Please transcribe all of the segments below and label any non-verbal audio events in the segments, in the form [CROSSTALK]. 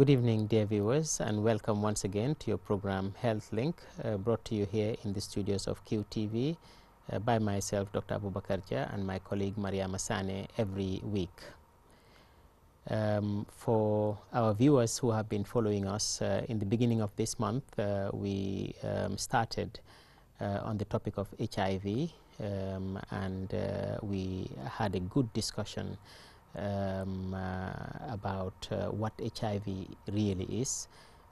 Good evening dear viewers and welcome once again to your program Health Link uh, brought to you here in the studios of QTV uh, by myself Dr. Abubakar Jia, and my colleague Maria Masane every week. Um, for our viewers who have been following us uh, in the beginning of this month uh, we um, started uh, on the topic of HIV um, and uh, we had a good discussion um, uh, about uh, what HIV really is,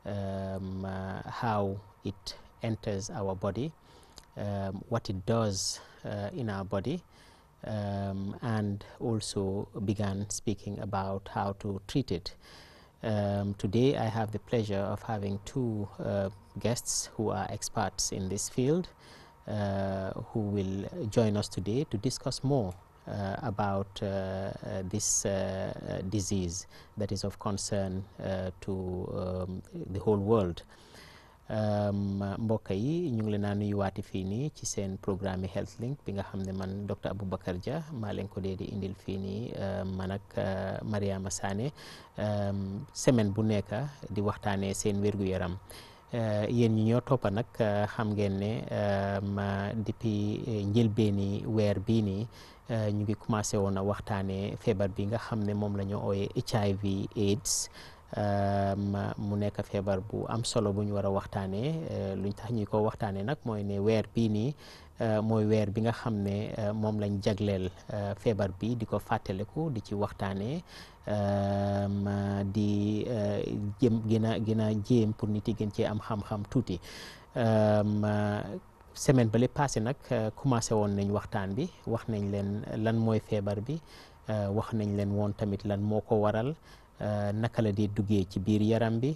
um, uh, how it enters our body, um, what it does uh, in our body, um, and also began speaking about how to treat it. Um, today I have the pleasure of having two uh, guests who are experts in this field uh, who will join us today to discuss more Uh, about uh, uh, this disease that is of concern to um, the whole world. Um, mbokk yi ñu ngi leen a nuyuwaati fii nii ci seen programme yi health link bi nga xam ne man docteur Aboubacar Dia maa leen ko dee di indil fii nii man ak Mariama Sané um, semaine bu nekk di waxtaanee seen wér yaram yéen ñi ñoo toppa nag xam ngeen ne depuis njëlbeeni weer bii Euh, ñu ngi commencé woon a waxtaanee feebar bi nga xam ne moom la ñu ooyee HIV AIDS euh, mu nekk feebar bu am solo bu ñu war a waxtaanee euh, luñ tax ñu ko waxtaanee nag mooy ne weer bii nii mooy weer bi nga xam ne moom lañ jagleel feebar bi di ko fàttaliku di ci waxtaanee di jëm gën a gën a jéem pour nit yi gën ci am xam-xam tuuti. semaine ba li passé nag euh, commencé woon nañ waxtaan bi wax nañ leen lan mooy feebar bi euh, wax nañ leen woon tamit lan moo ko waral euh, naka la di duggee ci biir yaram bi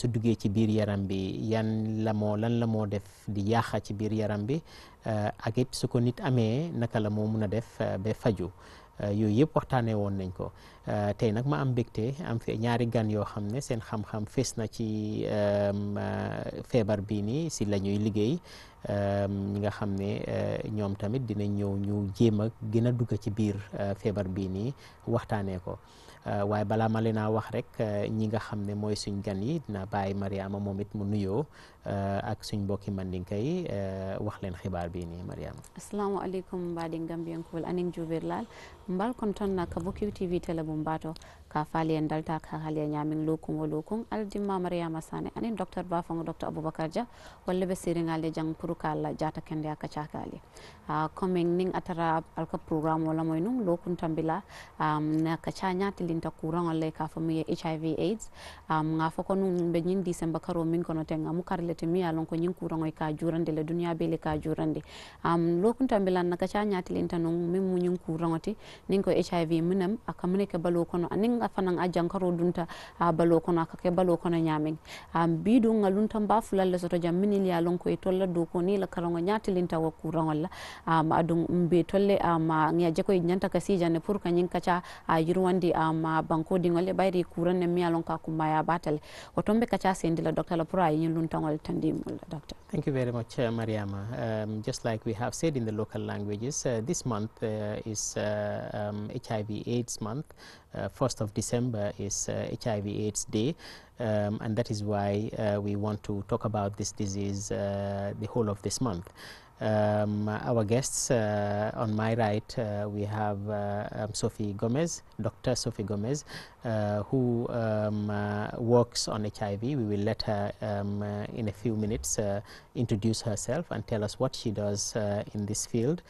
su duggee ci biir yaram bi yan la moo lan la moo def di yaaxa ci biir yaram bi ak it su ko nit amee naka la moo mun a def ba faju yooyu yëpp waxtaanee woon nañ ko tey nag ma am mbégte am fi ñaari gan yoo xam ne seen xam-xam fees na ci feebar bi nii si lañuy liggéey Ehm, ñi nga xam ne eh, ñoom tamit dina ñëw ñu jéem a gën a dugg ci biir eh, feebar bii nii waxtaanee ko eh, waaye balaa ma leen a wax rek ñi nga xam ne mooy suñ gan yi dina bàyyi Mariama moom it mu nuyoo ak suñ mbokki mandinka yi wax leen xibaar bii nii mariama assalamu aleykum mbaɗen gambiyankoɓel anen juubirlal mbal kontonna ka bo qtv télé bo mbato ka faali dalta ka haali e ñamin lokun o lokun aldimma mariama sane anen docteur bafango docteur aboubacar dia walla ɓe sérigal e jang pour kala jata kende a kacakali commin nin atara alka programme o lamoy nun lokun tambila na kaca ñatilinta courant olla ka famille hiv aids ga fo ko nun ɓe ñindi semba karo min kono ten amu karli le timi ya lonko nyin kurang ka jurande le dunia bele ka jurande am um, lokun tambilan na kacha nyati le intanu min mu nyin kurang ti nin ko hiv minam aka mune ke balo kono anin ga fanan ajan karo dunta a balo kono aka ke balo kono nyamin am um, bidu ngalun tan ba fulal le soto jam minil ya lonko e tolla do ko ni la karango nyati le intawo kurang la am adun mbe tolle am ngia je ko e nyanta kasi janne pour ka nyin kacha a yirwandi am banko dingole bayri kuran ne mi alon ka kumaya batal o tombe kacha sendi la docteur la pour yin luntangol Tandim uh, Doctor. Thank you very much, uh, Mariama. Um, just like we have said in the local languages, uh, this month uh, is uh, um, HIV/AIDS month. 1st uh, of December is HIV/AIDS Day. Um, and that is why we want to talk about this disease the whole of this month. Um, our guests uh, on my right uh, we have uh, um, Sophie Gomez, Dr. Sophie Gomez uh, who um, uh, works on HIV. We will let her um, uh, in a few minutes introduce herself and tell us what she does in this field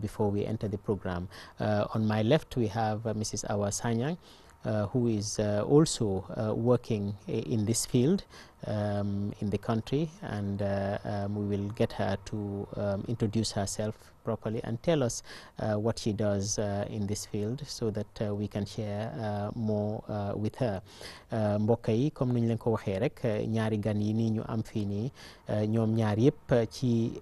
before we enter the program. on my left we have Mrs. Awa Sanyang uh, who is uh, also uh, working in this field um, in the country and um, we will get her to um, introduce herself properly and tell us what she does in this field so that we can share more with her comme niñ ko rek ñaari gan yi ñu am ñaar yëpp ci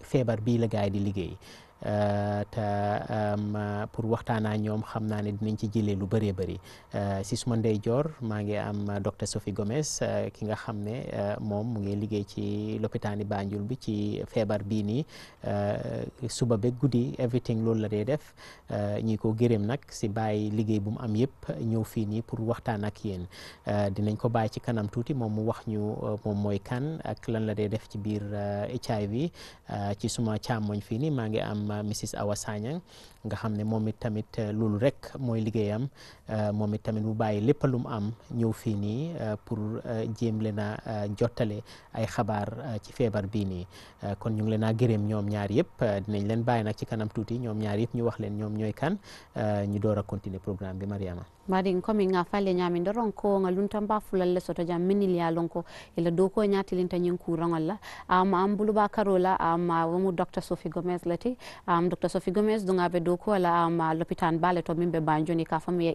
la gaay di liggéey Euh, te euh, pour waxtaanaa ñoom xam naa ne dinañ ci jëlee lu bëree bëri euh, si suma ndeyjoor maa ngi am docteur Sophie Gomez ki nga xam ne moom mu ngi liggéey ci lopitaani Banjul bi ci feebar bii nii suba ba guddi everything loolu la dee def ñi ko gërëm nag si bàyyi liggéey bu mu am yëpp ñëw fii nii pour waxtaan ak yéen dinañ ko bàyyi ci kanam tuuti moom mu wax ñu moom mooy kan ak lan la dee def ci biir HIV ci suma càmmoñ fii maa ngi am. sama Mrs. Awasanyang nga xam ne moom it tamit euh, loolu rek mooy liggéeyam euh, moom it tamit mu bàyyi lépp lu mu am ñëw fii nii euh, pour jéem leen a jottale ay xabaar ci feebar bii nii kon ñu ngi leen a gërëm ñoom ñaar yëpp dinañ leen bàyyi nag ci kanam tuuti ñoom ñaar yëpp ñu wax leen ñoom ñooy kan ñu door a programme bi Mariama maɗin komin ga falle ñamin ɗo ronko ngal luntan ba fulal le soto jam minil ya lonko ila dow ko ñatilinta ñin kurangol la am am buluba karola am womu docteur sophie gomez lati am docteur do ko la um, lopitan bale to min be banjoni ka famu ya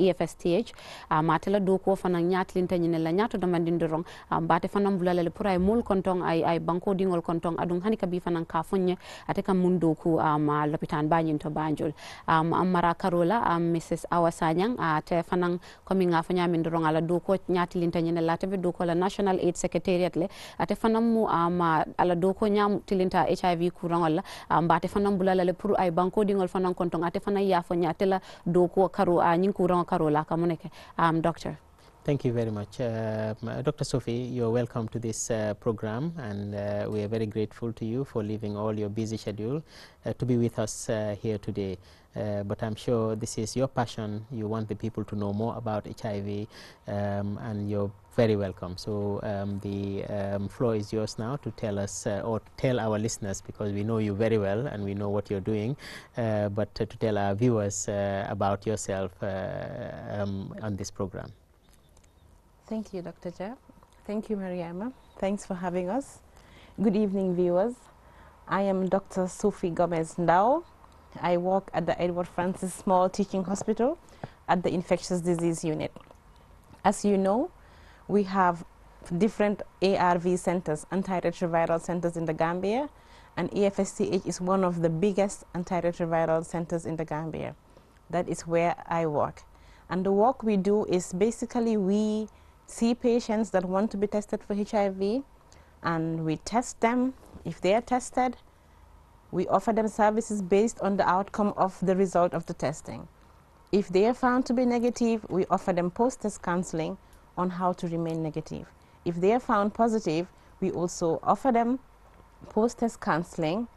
EFSTH e um, atela do ko fana nyatlinta nyine la nyato do mandin do rong um, bate fana mbulala le pura mol kontong ay ay banko dingol kontong adun hani kabi fana ka funye ate kam mun do ko um, lopitan banyin to banjol um, amara um, karola um, Mrs Awasanyang ate uh, fana komi nga fanya min do rong ala do ko nyatlinta nyine la tebe do ko la National Aid Secretariat le ate fana mu um, ala do ko nyam tilinta HIV kurangol la um, bate fana mbulala le pur ay banko dingol ngol fanan kontong ate fana ya fanya tela do ko karo a nyin kurang karo la kamuneke um doctor Thank you very much. Uh, uh Dr. Sophie, you're welcome to this uh, program and uh, we are very grateful to you for leaving all your busy schedule uh, to be with us uh, here today. but I'm sure this is your passion. You want the people to know more about HIV um, and you're very welcome. So um, the um, floor is yours now to tell us or tell our listeners because we know you very well and we know what you're doing, but to tell our viewers about yourself um, on this program. Thank you, Dr. Jab. Thank you, Mariama. Thanks for having us. Good evening, viewers. I am Dr. Sophie Gomez Ndao. I work at the Edward Francis Small Teaching Hospital at the Infectious Disease Unit. As you know, we have different ARV centers, antiretroviral centers in the Gambia, and EFSCH is one of the biggest antiretroviral centers in the Gambia. That is where I work. And the work we do is basically we see patients that want to be tested for HIV and we test them. If they are tested, we offer them services based on the outcome of the result of the testing. If they are found to be negative, we offer them post-test counseling on how to remain negative. If they are found positive, we also offer them post-test counseling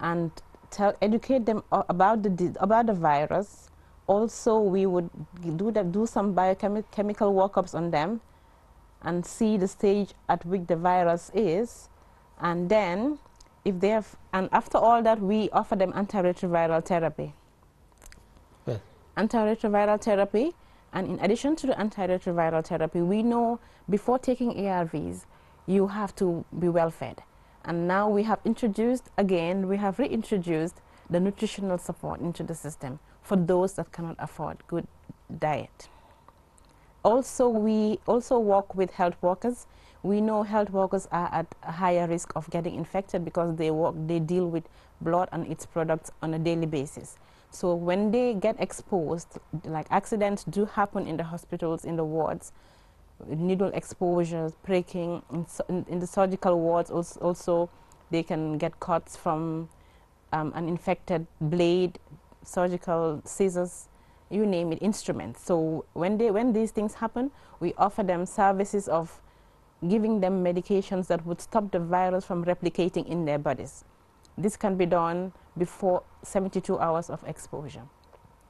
and tell, educate them about the, about the virus also we would do, the, do some biochemical workups on them and see the stage at which the virus is and then if they have and after all that we offer them antiretroviral therapy yeah. antiretroviral therapy and in addition to the antiretroviral therapy we know before taking ARVs you have to be well fed and now we have introduced again we have reintroduced the nutritional support into the system for those that cannot afford good diet. Also, we also work with health workers. We know health workers are at a higher risk of getting infected because they work, they deal with blood and its products on a daily basis. So when they get exposed, like accidents do happen in the hospitals, in the wards, needle exposures, breaking, in, in the surgical wards also, also, they can get cuts from um, an infected blade, surgical scissors, you name it, instruments. So when, they, when these things happen, we offer them services of giving them medications that would stop the virus from replicating in their bodies. This can be done before 72 hours of exposure.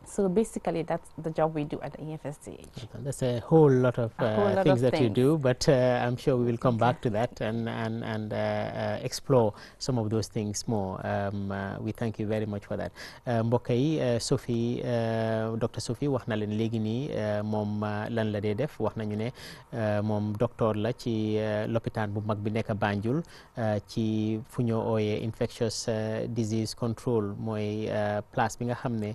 So basically, that's the job we do at the EFSCH. That's a whole lot of uh, whole lot things of that things. you do, but uh, I'm sure we will come okay. back to that and and and uh, uh, explore some of those things more. Um, uh, we thank you very much for that. Uh, mbokk yi Sophie Dr. Sophie wax na leen léegi nii moom lan la dee def wax nañu ne moom docteur la ci lopitaan bu mag bi nekk Banjul ci fu ñoo infectious disease control mooy place bi nga xam ne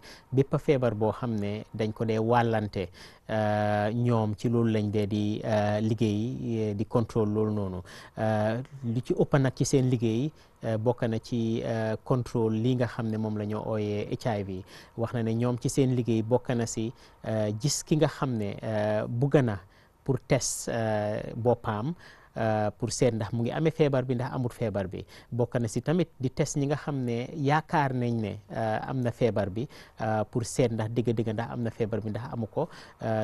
feebar boo xam ne dañ ko dee wàllante euh, ñoom ci loolu lañ dee di euh, liggéey euh, di contrôle loolu noonu li ci ëpp nag ci seen liggéey bokk na ci contrôle lii nga xam ne moom la ñoo ooyee HIV wax na ne ñoom ci seen liggéey bokk na si jis ki nga xam ne bugg na pour test boppam. Euh, pour seet ndax mu ngi amee feebar bi ndax amul feebar bi bokk na si tamit di test ñi nga xam ne yaakaar nañ ne euh, am na feebar bi euh, pour seet ndax dëgg-dëgg ndax am na feebar bi ndax amu ko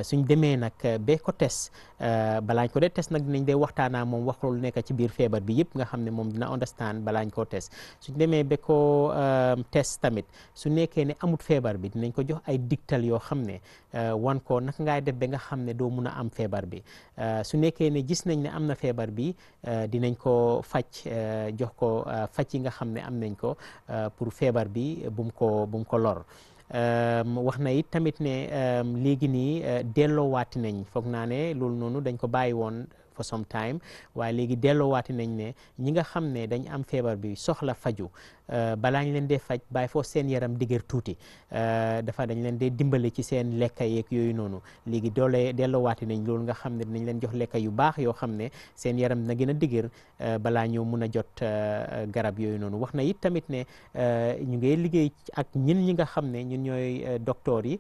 suñ demee nag ba ko test balaañ ko dee test nag dinañ dee waxtaanaa moom wax lu nekk ci biir feebar bi yëpp nga xam ne moom dina understand balaañ koo test suñ demee ba ko test tamit su nekkee ne amut feebar bi dinañ ko jox ay digtal yoo xam ne wan ko naka ngaay def ba nga xam ne doo mun a am feebar bi su nekkee ne gis nañ ne am na feebar bi euh, dinañ ko faj euh, jox ko euh, faj yi nga xam ne am nañ ko pour feebar bi bu ko bu ko lor. wax na it tamit ne léegi nii delloowaati nañ foog naa ne noonu dañ ko bàyyi woon for some time waaye léegi delloowaati nañ ne ñi nga xam ne dañ am feebar bi soxla faju euh, balaa ñu leen dee faj bàyyi foofu seen yaram dëgër tuuti euh, dafa dañ leen dee dimbali ci seen lekka yeeg yooyu noonu léegi doole delloowaati nañ loolu nga xam ne dinañ leen jox lekka yu baax yoo xam ne seen yaram na gën a dëgër euh, balaa ñoo mun a jot garab yooyu noonu wax na it tamit ne ñu ngi liggéey ak ñin ñi nga xam ne ñun ñooy docteur yi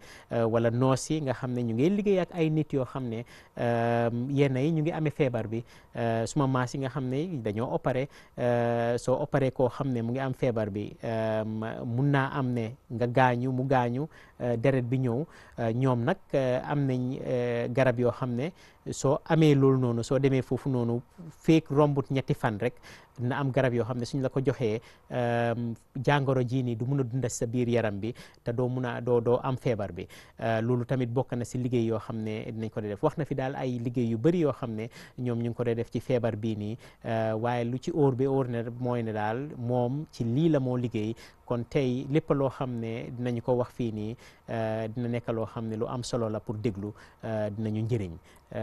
wala nurse yi nga xam ne ñu ngi liggéey nit yoo xam feebar bi euh, suma maas yi nga xam ne dañoo opéré euh, soo opéré koo xam ne mu ngi am feebar bi euh, mun naa am ne nga gaañu mu gaañu deret bi ñëw ñoom nag am nañ garab yoo xam ne soo amee loolu noonu soo demee foofu noonu feek rombut ñetti fan rek dina am garab yoo xam ne suñ la ko joxee ehm, jàngoro jii nii du mun a dunda sa biir yaram bi te doo mun a doo doo am feebar bi eh, loolu tamit bokk na si liggéey yoo xam ne dinañ ko def wax na fi daal ay liggéey yu yoo xam ne ñoom ñu ngi ko dee def ci feebar bii nii eh, waaye lu ci óor bi óor ne mooy ne daal moom ci lii la moo liggéey kon tey lépp loo xam ne dinañu ko wax fii nii eh, dina nekk loo xam ne lu am solo la pour déglu dinañu njëriñ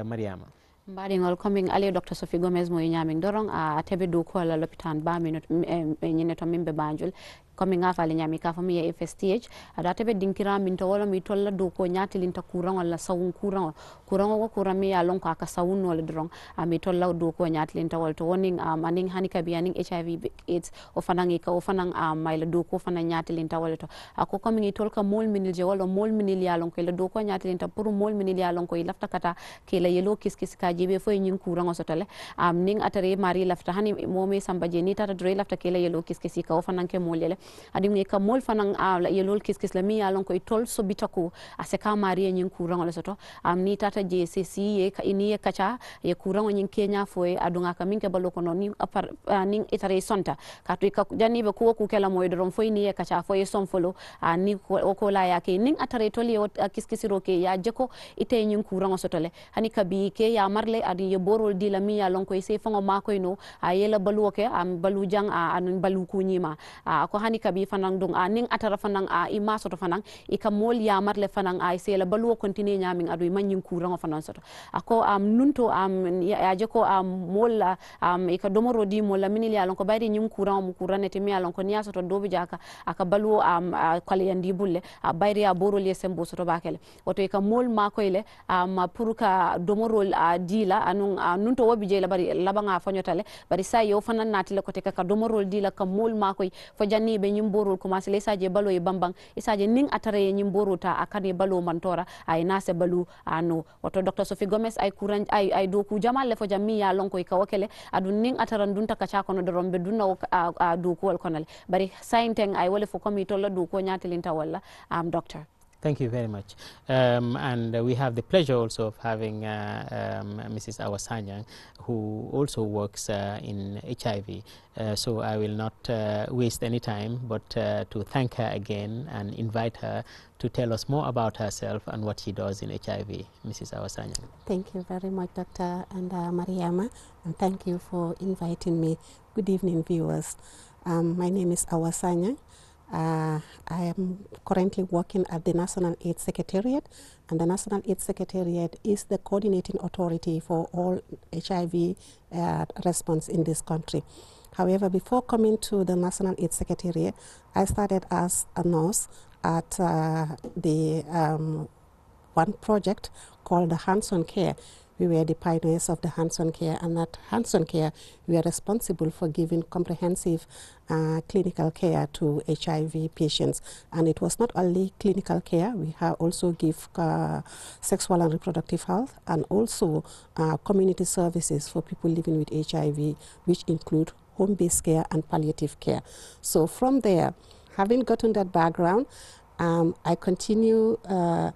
Mariama mbaɗigol komin ali docteur sophie gomes mo yiñamin dorong a teɓe dow kuwalla l'hôpital bamino ñinne eh, eh, to min banjul coming up ale nyami ka fami ya FSTH adate be dinkira min to wala mi tolla do ko nyati linta kurang wala sawun kurang kurang ko kurang mi alon ko aka sawun wala drong ami ah, tolla do ko nyati linta wala to woning am ah, aning hanika bi aning HIV AIDS o fanang ka o fanang um, ah, maila do ko fanan nyati linta wala to ako coming tol ka mol minil je wala mol minil ya lon ko ila do ko nyati linta pour mol minil ya lon ko ilafta kata ke la yelo kis kis ka jibe fo nyin kurang o sotale am ning atare mari lafta hani momi sambaje ni tata dre lafta ke la yelo kis kis ka o fanan ke mol yele adum ye ka mol fanan a ah, la yelol kis kis la mi ya lon koy tol so bitako ah, se ka mari mariye nyin kuran le soto am ah, ni tata je se si ye ka ini ye kacha ye kuran nyin kenya fo ye adunga ka min ke balo kono ni apar uh, itare sonta ka to ka jani be ko ku kala moy dorom fo ni ye kacha fo ye son folo a ni ko, ko la ya ke nin atare tol ye uh, kis kisiro ke ya jeko ite nyin kuran soto le hani ka bi ke ya marle adi ye borol di la mi ya lon koy se fango ma koy no a ye la baluo ke am balu jang a an balu kunyima a ko hani mani kabi fanang dung a ning atara fanang a i masoto fanang i ka mol yamar le fanang a i sela baluwo kontine ñamin aɗo i mañin kurango fanan soto ako am nunto am um, aje ko am um, molla am i ka domoro di molla minil ya lon ko bayri ñim kurango mu kuranete mi ya lon ko niya soto dobi jaka aka baluwo am uh, kalyandi bulle a bayri a borol ye sembo soto bakele woto i ka mol makoyle am pour ka domorol a dila anun nunto wobi je la bari labanga fanyotale bari sa yo fanan natile ko te ka domorol dila ka mol makoy fo janni be nyimborul kumasile isaje balo e bambang isaje ning atare nyimboruta akani balo mantora ay nase balu ano oto dr sophie gomez ay kuran ay ay doku jamal le fo jammi ya lonko ka wakele adun ning ataran dun takacha kono doron be dunna a doku wal konal bari sainteng ay wala fo komi tolla doku nyatelinta walla am doctor Thank you very much. Um, and uh, we have the pleasure also of having uh, um, Mrs. Awasanya, who also works uh, in HIV. Uh, so I will not uh, waste any time, but uh, to thank her again and invite her to tell us more about herself and what she does in HIV. Mrs. Awasanya. Thank you very much, Dr. and Mariama, and thank you for inviting me. Good evening, viewers. Um, my name is Awasanya. Uh, I am currently working at the National AIDS Secretariat, and the National AIDS Secretariat is the coordinating authority for all HIV uh, response in this country. However, before coming to the National AIDS Secretariat, I started as a nurse at uh, the um, one project called the Hands on Care, we were the pioneers of the hands-on care and that hands-on care we are responsible for giving comprehensive uh, clinical care to HIV patients and it was not only clinical care we also give uh, sexual and reproductive health and also uh, community services for people living with HIV which include home-based care and palliative care so from there having gotten that background um, I continue uh,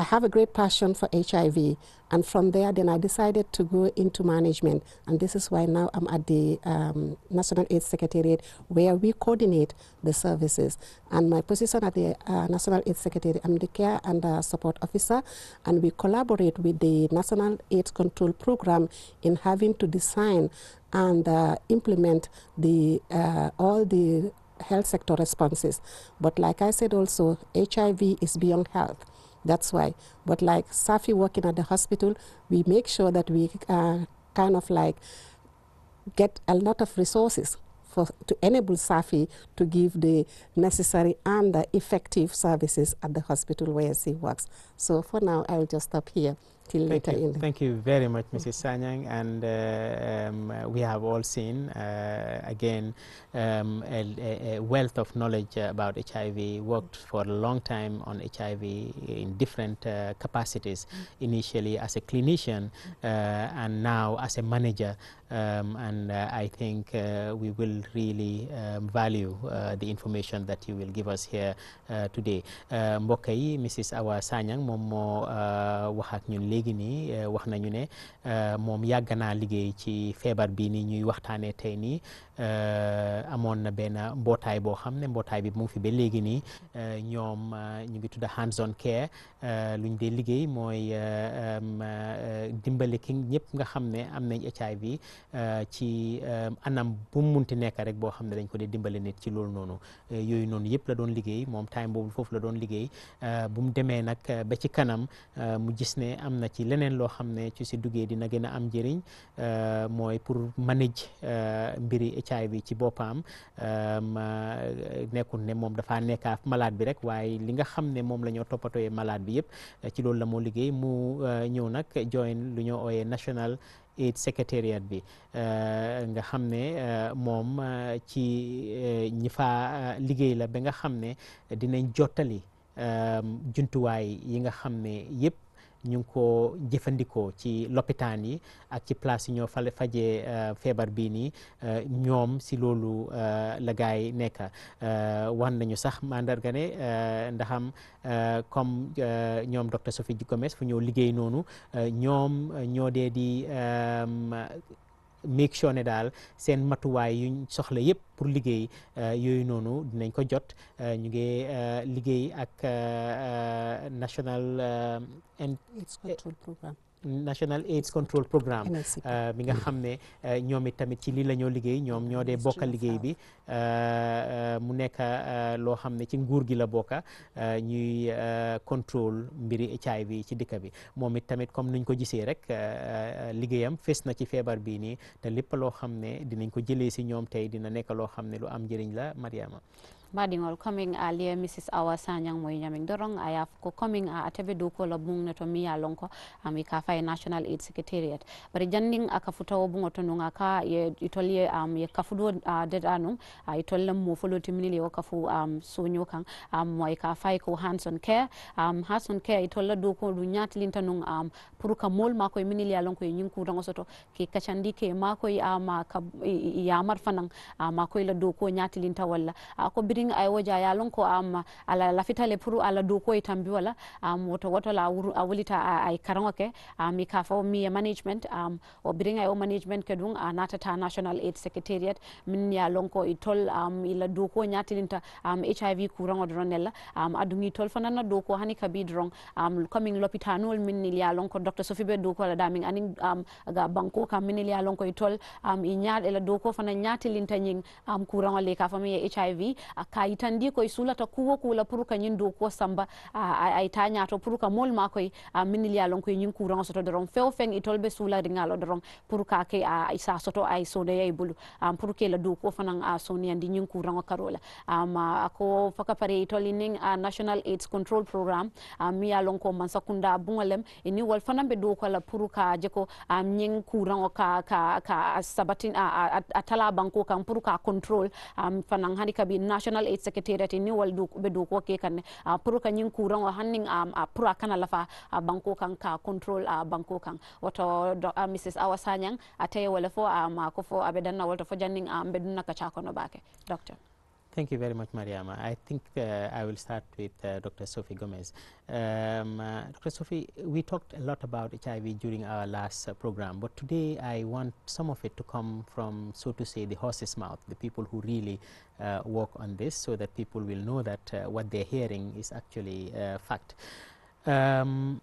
I have a great passion for HIV, and from there, then I decided to go into management, and this is why now I'm at the um, National AIDS Secretariat, where we coordinate the services. And my position at the uh, National AIDS Secretariat, I'm the care and uh, support officer, and we collaborate with the National AIDS Control Program in having to design and uh, implement the uh, all the health sector responses. But like I said also, HIV is beyond health. That's why. But like Safi working at the hospital, we make sure that we uh, kind of like get a lot of resources for, to enable Safi to give the necessary and the effective services at the hospital where she works. So for now, I'll just stop here. Thank later you. in. Thank you very much, Mrs. Sanyang. And uh, um, we have all seen, uh, again, um, a, a, wealth of knowledge about HIV, worked for a long time on HIV in different uh, capacities, mm. initially as a clinician mm. uh, and now as a manager. Um, and uh, I think uh, we will really um, value the information that you will give us here today. mbokk Mrs. Awa Sanyang Momo, moo léegi nii eh, wax nañu ne eh, moom yàgg naa liggéey ci feebar bi ni ñuy waxtaanee tey nii Euh, amoon na benn mbootaay boo xam ne mbootaay bi mu ngi fi ba léegi nii euh, ñoom euh, ñu ngi tudda hands on care lu ñu dee liggéey mooy um, dimbali ki ñëpp nga xam ne am nañ HIV ci anam bu mu munti nekk rek boo xam ne dañ ko dee dimbali nit ci loolu noonu yooyu noonu yëpp la doon liggéey moom time boobu foofu la doon liggéey bu mu demee nag ba ci kanam mu gis ne am na ci leneen loo xam ne ci si duggee dina gën a am njëriñ mooy pour manage mbiri HIV ci boppam ehm, nekkul ne moom dafaa nekkaa malade bi rek waaye li nga xam ne moom la ñoo toppatooyee malade bi yëpp ci loolu la moo liggéey mu eh, ñëw nag join lu ñoo ooyee national aid secretariat bi eh, nga xam mom eh, moom ci ñi faa liggéey la ba nga xam ne dinañ jottali ehm, jumtuwaay yi nga xam ne yëpp ñu ngi ko jëfandikoo ci loppitaan yi ak ci place yi ñoo fa fajee euh, feebar bii nii euh, ñoom si loolu euh, la gaa yi nekk wax nañu sax mandarga ne ndaxam comme ñoom docteur Sophie Gomez fu ñëw liggéey noonu ñoom ñoo dee di make sure ne daal seen matuwaay yuñ soxla yëpp pour liggéey euh, yooyu noonu dinañ ko jot euh, ñu ngi euh, liggéey ak national. It's control programme. National AIDS Control Programme euh, bi nga xam ne euh, ñoom it tamit ci lii la ñoo liggéey ñoom ñoo dee bokka liggéey bi euh, mu nekk loo xam ne ci nguur gi la bokka ñuy contrôle mbiri HIV ci dëkk bi moom it tamit comme nuñ ko gisee rek liggéeyam fes na ci feebar bii nii te lépp loo xam ne dinañ ko jëlee si ñoom tey dina nekk loo xam ne lu am njëriñ la Mariama or coming a uh, lia mrs awa sanyang moy nyaming dorong have co coming uh, a atebe do ko labung ne mi ya lonko ami ka fay national aid secretariat bari janning uh, a futa wo bungo to nunga ka ye itolie um ye kafudo a dead anum a itolle mo folo timini le kafu am um, sonyo kan um moy e ka fay ko on care um hands on care itolle do ko du nyatlin tanung am um, pour mol ma ko e minili ya lonko e yin ku rango soto ke kachandi ke ma ko um, ya ma ka ya mar fanan ma ko la do ko nyatlin din ay woja ya lon ko am um, ala lafita le puru ala do ko itambi wala am um, woto woto la awulita ay karango ke um, am mi kafo mi management am o bring ay o management ke dun anata uh, ta national aid secretariat min ya lon ko itol am ila do ko nyatilinta am hiv kurango dronella am adungi tol fanana do ko hani kabi drong am coming lopitanol min ya lon ko dr sophie be do ko la daming anin am ga banko kam min ya lon ko itol am i nyaad ila do ko fana nyatilinta nyin am kurango le kafo mi hiv uh, ka yitandi koye suulata kuwo kuula pour que ñin dow ko samba ay tañato to puruka mol ma koy min ya lon koye ñin courant soto dorong feo feng itol ɓe suuladiŋal o doron pour ka ke sa soto ay sodoya e bulu am puruke la dow ko fanan soniyandi nyin kuran o karola am ko faka pare itol a national aids control programme mi ya ko man sakunda bungalem ni wol fanan be dow ko la puruka je ko am nyin kuran o ka ka ka sabatin a tala banko kan puruka control am fanan hani kabi national national aid secretariat ni wal du be du ko ke kan uh, ah, pro kan yin kuran wa hannin um, ah, uh, ah, pro kana lafa uh, banko kan ka control uh, banko kan wato do, uh, mrs awasanyang atay wala fo a ma ko fo abedan na walto fo janning um, bedun na ka cha kono bake doctor Thank you very much, Mariama. I think uh, I will start with uh, Dr. Sophie Gomez. Um, uh, Dr. Sophie, we talked a lot about HIV during our last uh, program, but today I want some of it to come from, so to say, the horse's mouth, the people who really uh, work on this, so that people will know that uh, what they're hearing is actually fact. Um,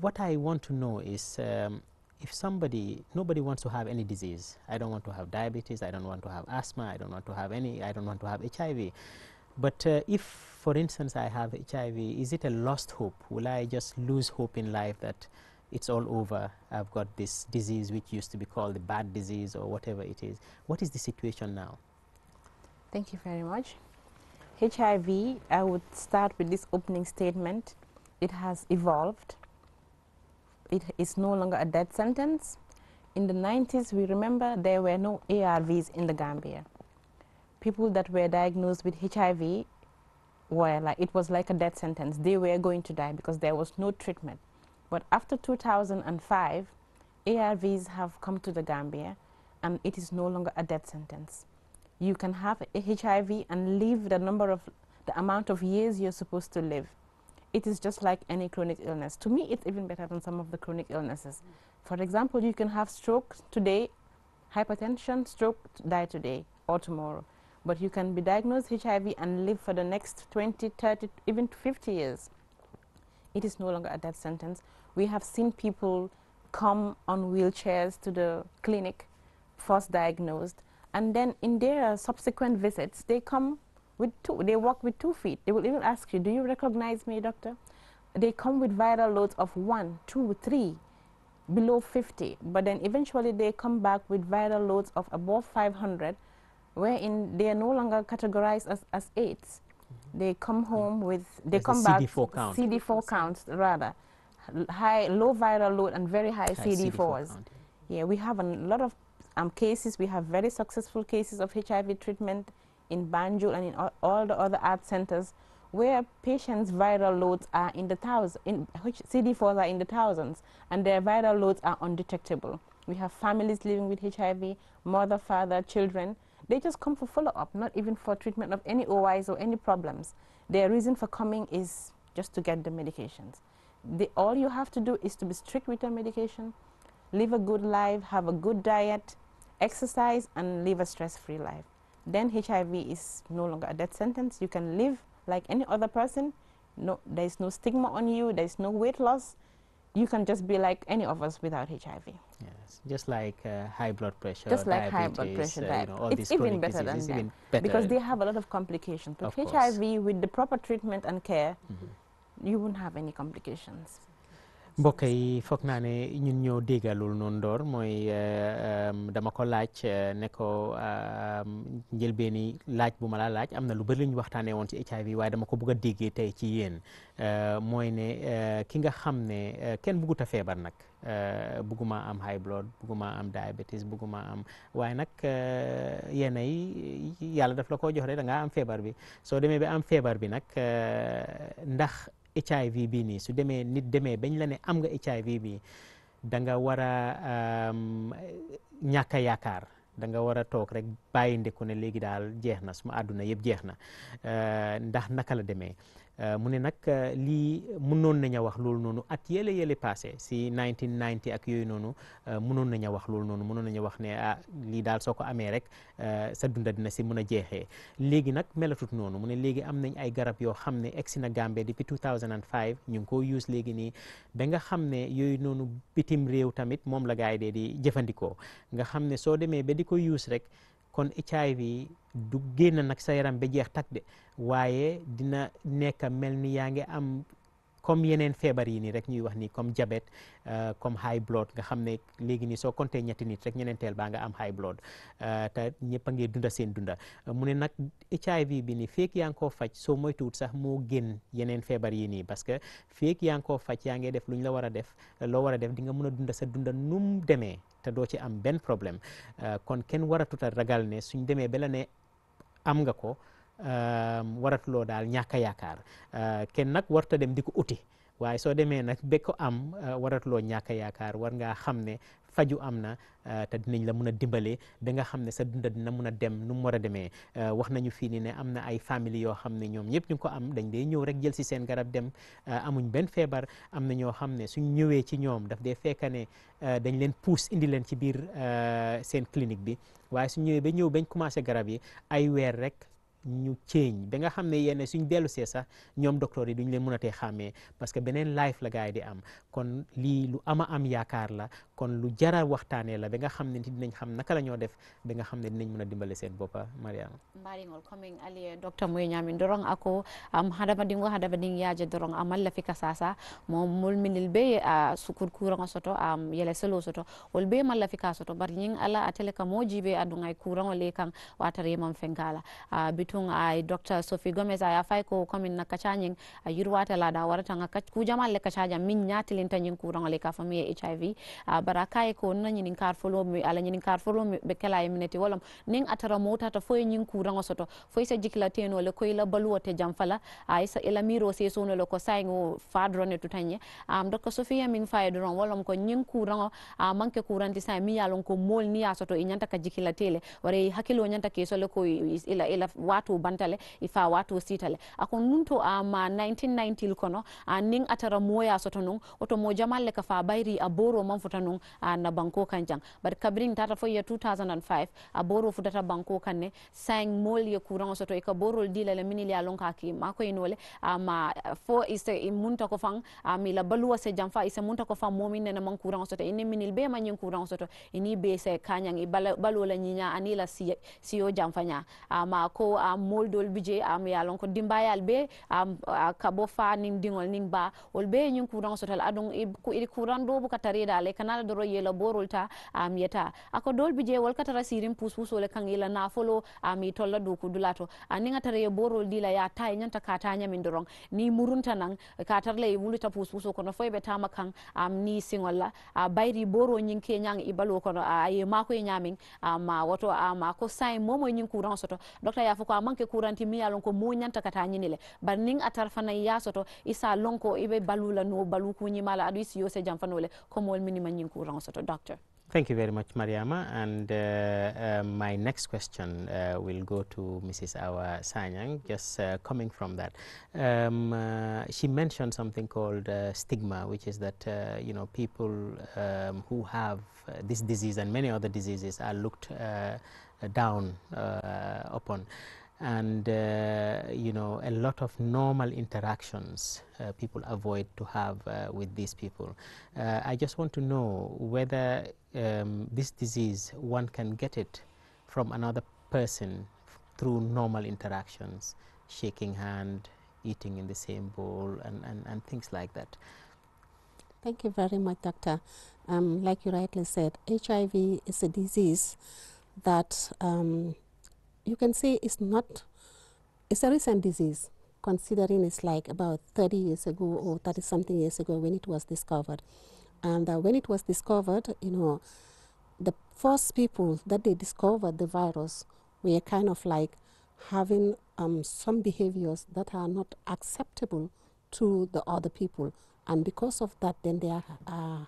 what I want to know is um, if somebody, nobody wants to have any disease, I don't want to have diabetes, I don't want to have asthma, I don't want to have any, I don't want to have HIV. But uh, if, for instance, I have HIV, is it a lost hope? Will I just lose hope in life that it's all over, I've got this disease which used to be called the bad disease or whatever it is? What is the situation now? Thank you very much. HIV, I would start with this opening statement. It has evolved it is no longer a death sentence. In the 90s, we remember there were no ARVs in the Gambia. People that were diagnosed with HIV were like, it was like a death sentence. They were going to die because there was no treatment. But after 2005, ARVs have come to the Gambia and it is no longer a death sentence. You can have HIV and live the number of, the amount of years you're supposed to live it is just like any chronic illness. To me, it's even better than some of the chronic illnesses. For example, you can have stroke today, hypertension, stroke, die today or tomorrow. But you can be diagnosed HIV and live for the next 20, 30, even 50 years. It is no longer a death sentence. We have seen people come on wheelchairs to the clinic, first diagnosed, and then in their subsequent visits, they come with two, they walk with two feet. They will even ask you, do you recognize me, doctor? They come with viral loads of one, two, three, below 50. But then eventually they come back with viral loads of above 500, wherein they are no longer categorized as, as AIDS. They come home with, they There's come back, CD4, count. CD4 counts rather, high, low viral load and very high, high CD4s. CD4 count, yeah. yeah, we have a lot of um, cases. We have very successful cases of HIV treatment in Banjul and in all, the other art centers where patients' viral loads are in the thousands, in which CD4s are in the thousands, and their viral loads are undetectable. We have families living with HIV, mother, father, children. They just come for follow-up, not even for treatment of any OIs or any problems. Their reason for coming is just to get the medications. The, all you have to do is to be strict with your medication, live a good life, have a good diet, exercise, and live a stress-free life then HIV is no longer a death sentence. You can live like any other person. No, there is no stigma on you. There is no weight loss. You can just be like any of us without HIV. Yes, just like uh, high blood pressure. Just like high blood uh, pressure. Uh, you know, it's even better than that better. because they have a lot of complications. But of HIV, course. with the proper treatment and care, mm -hmm. you won't have any complications. mbokk yi foog naa ne ñun ñëw déggalul noonu door mooy eh, dama ko laaj eh, ne ko njëlbeeni laaj bu ma la laaj am na lu bëri lu ñu waxtaanee woon ci HIV waaye dama ko bëgg a déggee tey ci yéen eh, mooy ne ki nga xam ne kenn bëggut a feebar nag bëgguma am high blood bëgguma am diabetes bëgguma am waaye nag yenn yi yàlla def la ko jox rek da ngaa am feebar bi soo demee ba am feebar bi nag ndax. HIV bii nii su demee nit demee bañ la ne am nga HIV bii da nga war a ñàkk a yaakaar da nga war a toog rek bàyyi ndeku ne léegi daal jeex na suma àdduna yëpp jeex na ndax naka la demee Euh, mu ne nag euh, lii mënoon nañu wax loolu noonu at yële yële passé si 1990 ak yooyu noonu euh, mënoon nañu wax loolu noonu mënoon nañu wax ne ah lii daal soo ko amee rek sa dunda dina si mën a jeexee léegi nag melatut noonu mu ne léegi am nañ ay garab yoo xam ne egsi na Gambie depuis 2005 ñu ngi ko use léegi nii ba nga xam ne yooyu noonu bitim réew tamit moom la gaay dee di jëfandikoo nga xam ne soo demee ba di ko use rek. kon HIV du génn nag sa yaram ba jeex tak de waaye dina nekk mel ni yaa ngi am comme yeneen feebar yi nii rek ñuy wax ni comme diabète euh, comme high blood nga xam ne léegi ni soo compté ñetti nit rek ñeneenteel baa nga am high blood euh, te ñëpp a ngi dunda seen dunda mu ne nag HIV bi ni feek yaa ngi koo faj soo moytuwut sax moo gën yeneen feebar yi nii parce que feek yaa ngi koo faj yaa ngi def lu ñu la war a def loo war a def dinga nga mën a dunda sa dunda num demee te doo ci am benn problème euh, kon kenn waratut a ragal ne suñ demee ba la ne am nga ko euh, waratuloo daal ñàkk a yaakaar euh, kenn nag warta dem di ko uti waaye soo demee nag ba ko am waratuloo ñàkk a war ngaa xam ne faju am na euh, te dinañ la mun a dimbalee ba nga xam ne sa dunda dina mun a dem nu mu war a demee euh, wax nañu fii nii ne am na ay famille yoo xam ne ñoom ñëpp ñu ko am dañ dee ñëw rek jël si seen garab dem euh, amuñ benn feebar am na ñoo xam ne suñ ñëwee ci ñoom daf dee fekk ne dañ leen puus indi leen ci biir seen clinique bi waaye suñ ñëwee ba ñëw bañ commencé garab yi ay weer rek ñu ceeñ ba nga xam ne yenn suñ dellu see sax ñoom docteur yi duñ leen mënatee xàmmee parce que beneen life la di am kon lu jara waxtaanee la ba nga xam ne dinañ xam naka la ñoo def ba nga xam ne dinañ mën a dimbale seen boppa mariama mbaɗigol commin ali docteur moye ñamin dorong ako um, hadama dingo hadama ding yaaje dorong amal la fika sasa mo mulminil be a uh, sukur kurango soto um, yele selo soto wol be malla fika soto bar ñing ala a tele ka moji be adunga kurango le kan watare mam fengala a bitun ay uh, sophie gomez aya ko commin na kacañing a uh, lada warata nga kujamal le kacaja min ñatilinta bara kay e ko na nyinin kar folo mi ala nyinin kar folo mi be kala e minete wolam nin atara mota ta foy e nyin ku rango soto foy sa jikla teno le koy la baluwote jamfala ay sa ila miro se sono le ko sayngo fadro ne tutanye am um, dokko sofia min fay do wolam ko nyin ku rango a manke ku kuranti sa mi yalon ko mol ni ya soto nyanta ka jikla tele ware hakilo nyanta ke so le ko ila ila watu bantale ifa watu sitale akon nunto ama um, 1990 kono a nin atara moya soto nun oto mo jamal le ka fa bayri a boro man futanun Uh, na banko kan jang bar kabrin tata fo ya 2005 a boro fu data uh, banko kan ne sang mol ye courant so to e ka borol dila la mini ya lonka ki ma ko inole uh, ma fo e munta ko fang a mi la baluwa se jamfa ise munta ko fang momin ne na man courant so to ini mini be ma yin courant so to ini be se kanyang i balu la nyinya anila si si siyo nya ma ko a mol dol bije mi ya lonko dimbayal be um, ka bo fa ning dingol ning ba ol be nyin kuran so to ko i courant do bu katare dale kanal doro yela borolta um, yeta ako dol bije wol katara sirin puspuso le kan yela nafolo um, itolla doku dulato aninga uh, tare borol dila ya tay nyanta kata nya min dorong ni murunta nan uh, katar le wulita puspuso kono foy be tama kan um, ni singolla uh, bayri boro nyinke nyang ibalo kono uh, ye mako ye nyamin uh, woto uh, ko sai momo nyin kuran soto docteur ya fuko amanke uh, kuranti mi yalon ko mo nyanta kata nyinile bar atar fana ya soto isa lonko ibe balula no balu kunyi adu isi yose jamfanole ko minima nyin Doctor. Thank you very much, Mariama. And uh, uh, my next question uh, will go to Mrs. Awa Sanyang, just uh, coming from that. Um, uh, she mentioned something called uh, stigma, which is that, you know, people um, who have this disease and many other diseases are looked down upon and uh, you know a lot of normal interactions uh, people avoid to have uh, with these people. Uh, I just want to know whether um, this disease one can get it from another person through normal interactions, shaking hand, eating in the same bowl and, and, and things like that. Thank you very much, Doctor. Um, like you rightly said, HIV is a disease that um, you can say it's not, it's a recent disease considering it's like about 30 years ago or 30 something years ago when it was discovered. And uh, when it was discovered, you know, the first people that they discovered the virus were kind of like having um, some behaviors that are not acceptable to the other people. And because of that, then there uh,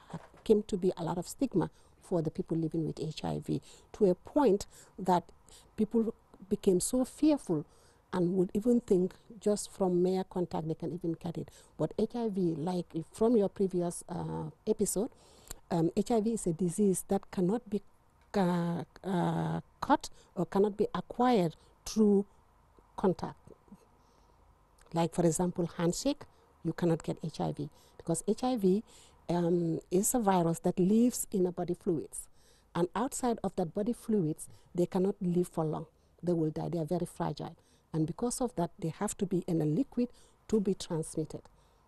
came to be a lot of stigma for the people living with HIV to a point that people became so fearful and would even think just from mere contact they can even get it. But HIV, like from your previous uh, episode, um, HIV is a disease that cannot be uh, uh, caught or cannot be acquired through contact. Like, for example, handshake, you cannot get HIV because HIV um, is a virus that lives in the body fluids. And outside of that body fluids, they cannot live for long they will die. They are very fragile. And because of that, they have to be in a liquid to be transmitted.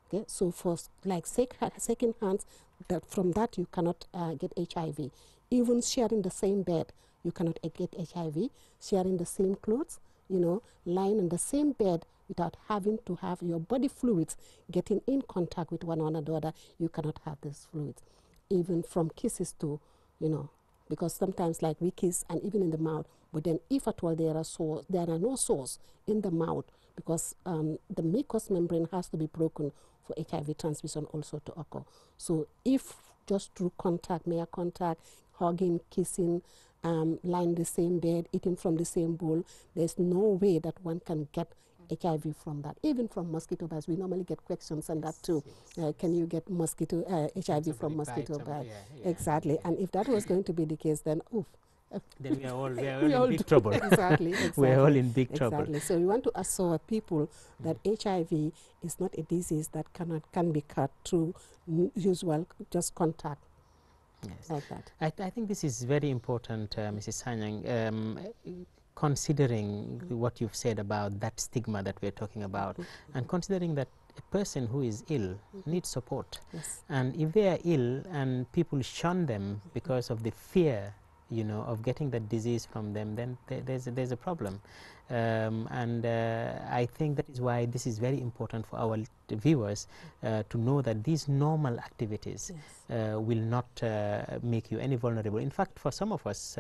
Okay, so for like second hands, that from that you cannot uh, get HIV. Even sharing the same bed, you cannot uh, get HIV. Sharing the same clothes, you know, lying in the same bed without having to have your body fluids getting in contact with one another, you cannot have these fluids. Even from kisses to, you know, because sometimes like we kiss and even in the mouth but then if at all there are sores there are no sores in the mouth because um, the mucous membrane has to be broken for hiv transmission also to occur so if just through contact mere contact hugging kissing um, lying the same bed eating from the same bowl there's no way that one can get HIV from that, even from mosquito bites. We normally get questions on that too. Uh, can you get mosquito HIV uh, from mosquito bite? Exactly. And if that was going to be the case, then oof, then we are all, we are [LAUGHS] all we in all big trouble. exactly. [LAUGHS] [LAUGHS] exactly. we are all in big exactly. trouble. Exactly. So we want to assure people mm. that mm. HIV is not a disease that cannot can be cut through usual just contact. Yes. Like that. I, th I think this is very important, uh, Mrs. Sanyang. Um, considering what you've said about that stigma that we're talking about mm -hmm. and considering that a person who is ill mm -hmm. needs support yes. and if they are ill and people shun them because of the fear you know of getting that disease from them then th there's, a, there's a problem um, and uh, I think that is why this is very important for our viewers uh, to know that these normal activities yes. Uh, will not uh, make you any vulnerable. In fact, for some of us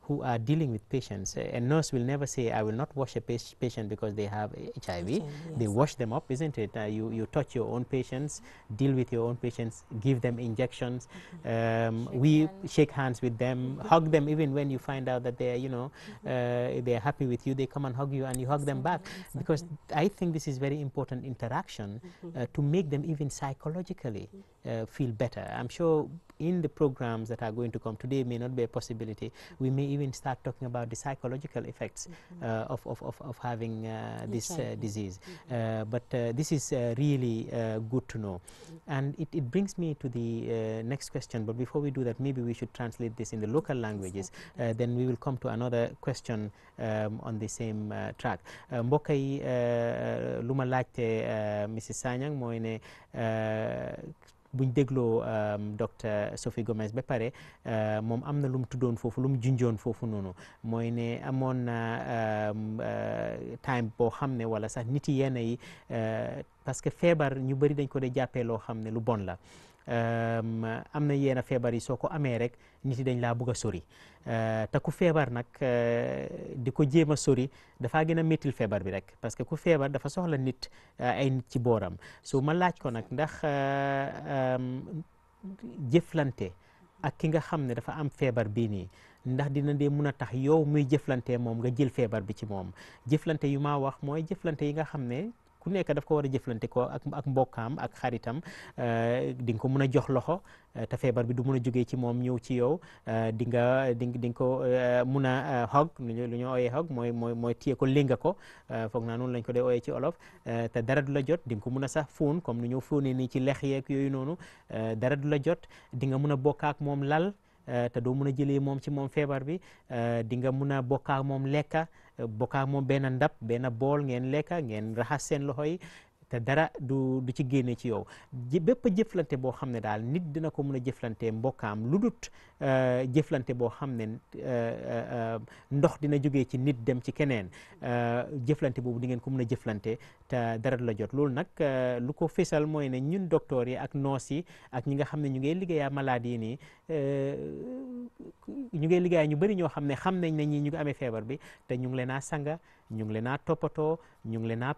who are dealing with patients, a nurse will never say, I will not wash a patient because they have HIV. Yes. They wash them up, isn't it? you, you touch your own patients, deal with your own patients, give them injections. Mm-hmm. Um, shake we hands. shake hands with them, mm-hmm. hug them even when you find out that they're, you know, mm-hmm. uh, they're happy with you, they come and hug you and you hug them back. Because I think this is very important interaction uh, to make them even psychologically mm-hmm. Uh, feel better. I'm sure in the programs that are going to come today may not be a possibility. We may even start talking about the psychological effects mm -hmm. uh, of, of, of, of, having uh, this uh, disease. Mm -hmm. but uh, this is really good to know. Mm -hmm. And it, it brings me to the next question. But before we do that, maybe we should translate this in the local languages. then we will come to another question um, on the same track. mbokk yi Mrs Sanyang mooy buñ dégloo euh, docteur Sophie Gomez ba pare euh, moom am na lu mu tuddoon foofu lu mu junjoon foofu noonu mooy ne amoon na euh, time boo xam ne wala sax nit yi yenn yi parce que feebar ñu bëri dañ ko dee jàppee loo xam ne lu bon la am na yenn feebar yi soo ko amee rek nit yi dañ laa bëgg a sori. Euh, te ku feebar nag euh, di ko jéem a sori dafaa gën a méttil feebar bi rek parce que ku feebar dafa soxla nit euh, ay nit ci booram so ma laaj ko nag ndax jëflante ak ki nga xam ne dafa am feebar bii nii ndax dina dee mun a tax yow muy jëflante moom nga jël feebar bi ci moom jëflante yu ma wax mooy jëflante yi nga xam ne ku nekk daf ko war a jëflante ko ak ak mbokkaam ak xaritam euh, di nga ko mën a jox loxo euh, te feebar bi du mën a jógee ci moom ñëw ci yow euh, di nga di nga ko mun a hog lu ñu ooyee hog mooy mooy mooy téye ko linga ko foog naa noonu lañ ko dee ooyee ci olof te dara du la jot dinga nga ko mun a sax fóon comme nu ñëw fóonee nii ci lex yeeg yooyu noonu dara du la jot di nga mun a bokk ak moom lal te doo mun a jëlee moom ci moom feebar bi di nga mun a moom lekka bokkaak moom benn ndab benn bool ngeen lekka ngeen raxas seen loxo yi te dara du du ci génne ci yow bépp jëflante boo xam ne daal nit dina ko mën a jëflante mbokkaam lu dut euh, jëflante boo xam ne euh, euh, ndox dina jógee ci nit dem ci keneen jëflante boobu di ko mën a jëflante te dara du la jot loolu nag lu ko fésal mooy ne ñun docteur yi ak noos yi ak ñi nga xam ne ñu ngi liggéeyaa malade yi nii ñu ngi liggéeyaa ñu bëri ñoo xam ne xam nañ ne ñii ñu ngi amee feebar bi te ñu ngi leen a sanga ñu ngi leen a toppatoo ñu ngi leen a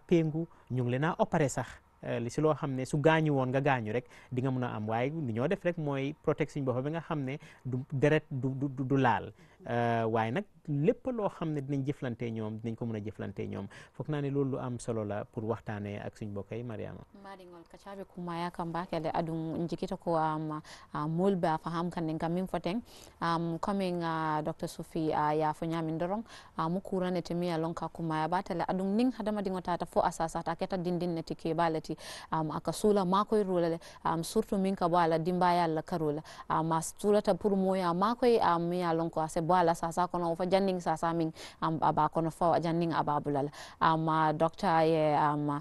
ñu ngi leen a opéré sax eh, li si loo xam ne su gaañu woon nga gaañu rek di nga mun a am waaye li ñoo def rek mooy protection suñ bopp bi nga xam ne du deret du du laal Euh, waaye nag lépp loo xam ne dinañ jëflante ñoom dinañ ko mën a jëflante ñoom foog naa ne loolu lu am solo la pour waxtaanee ak suñ mbokk yi Mariama maɗigol kacaɓe kumaya kam mbakele aɗum jikita ko am mool ba a xam kan kam min foten um, uh, um comme nga uh, docteur soufi uh, yafo ñamin doron uh, mo kuranete mi alon ka kumaya batele aɗum nin hadamadiŋo taata fo a sasata keta ne ti baale ti um, aka suula maa koy rolale um, surtout min ka bo ala dimbayalla karole ma um, a suulata pour moya makoye um, mi miya lonko a se bo ala sasa kono fa janning sasa min um, aba kono fa janning aba bulal ama doctor ye um,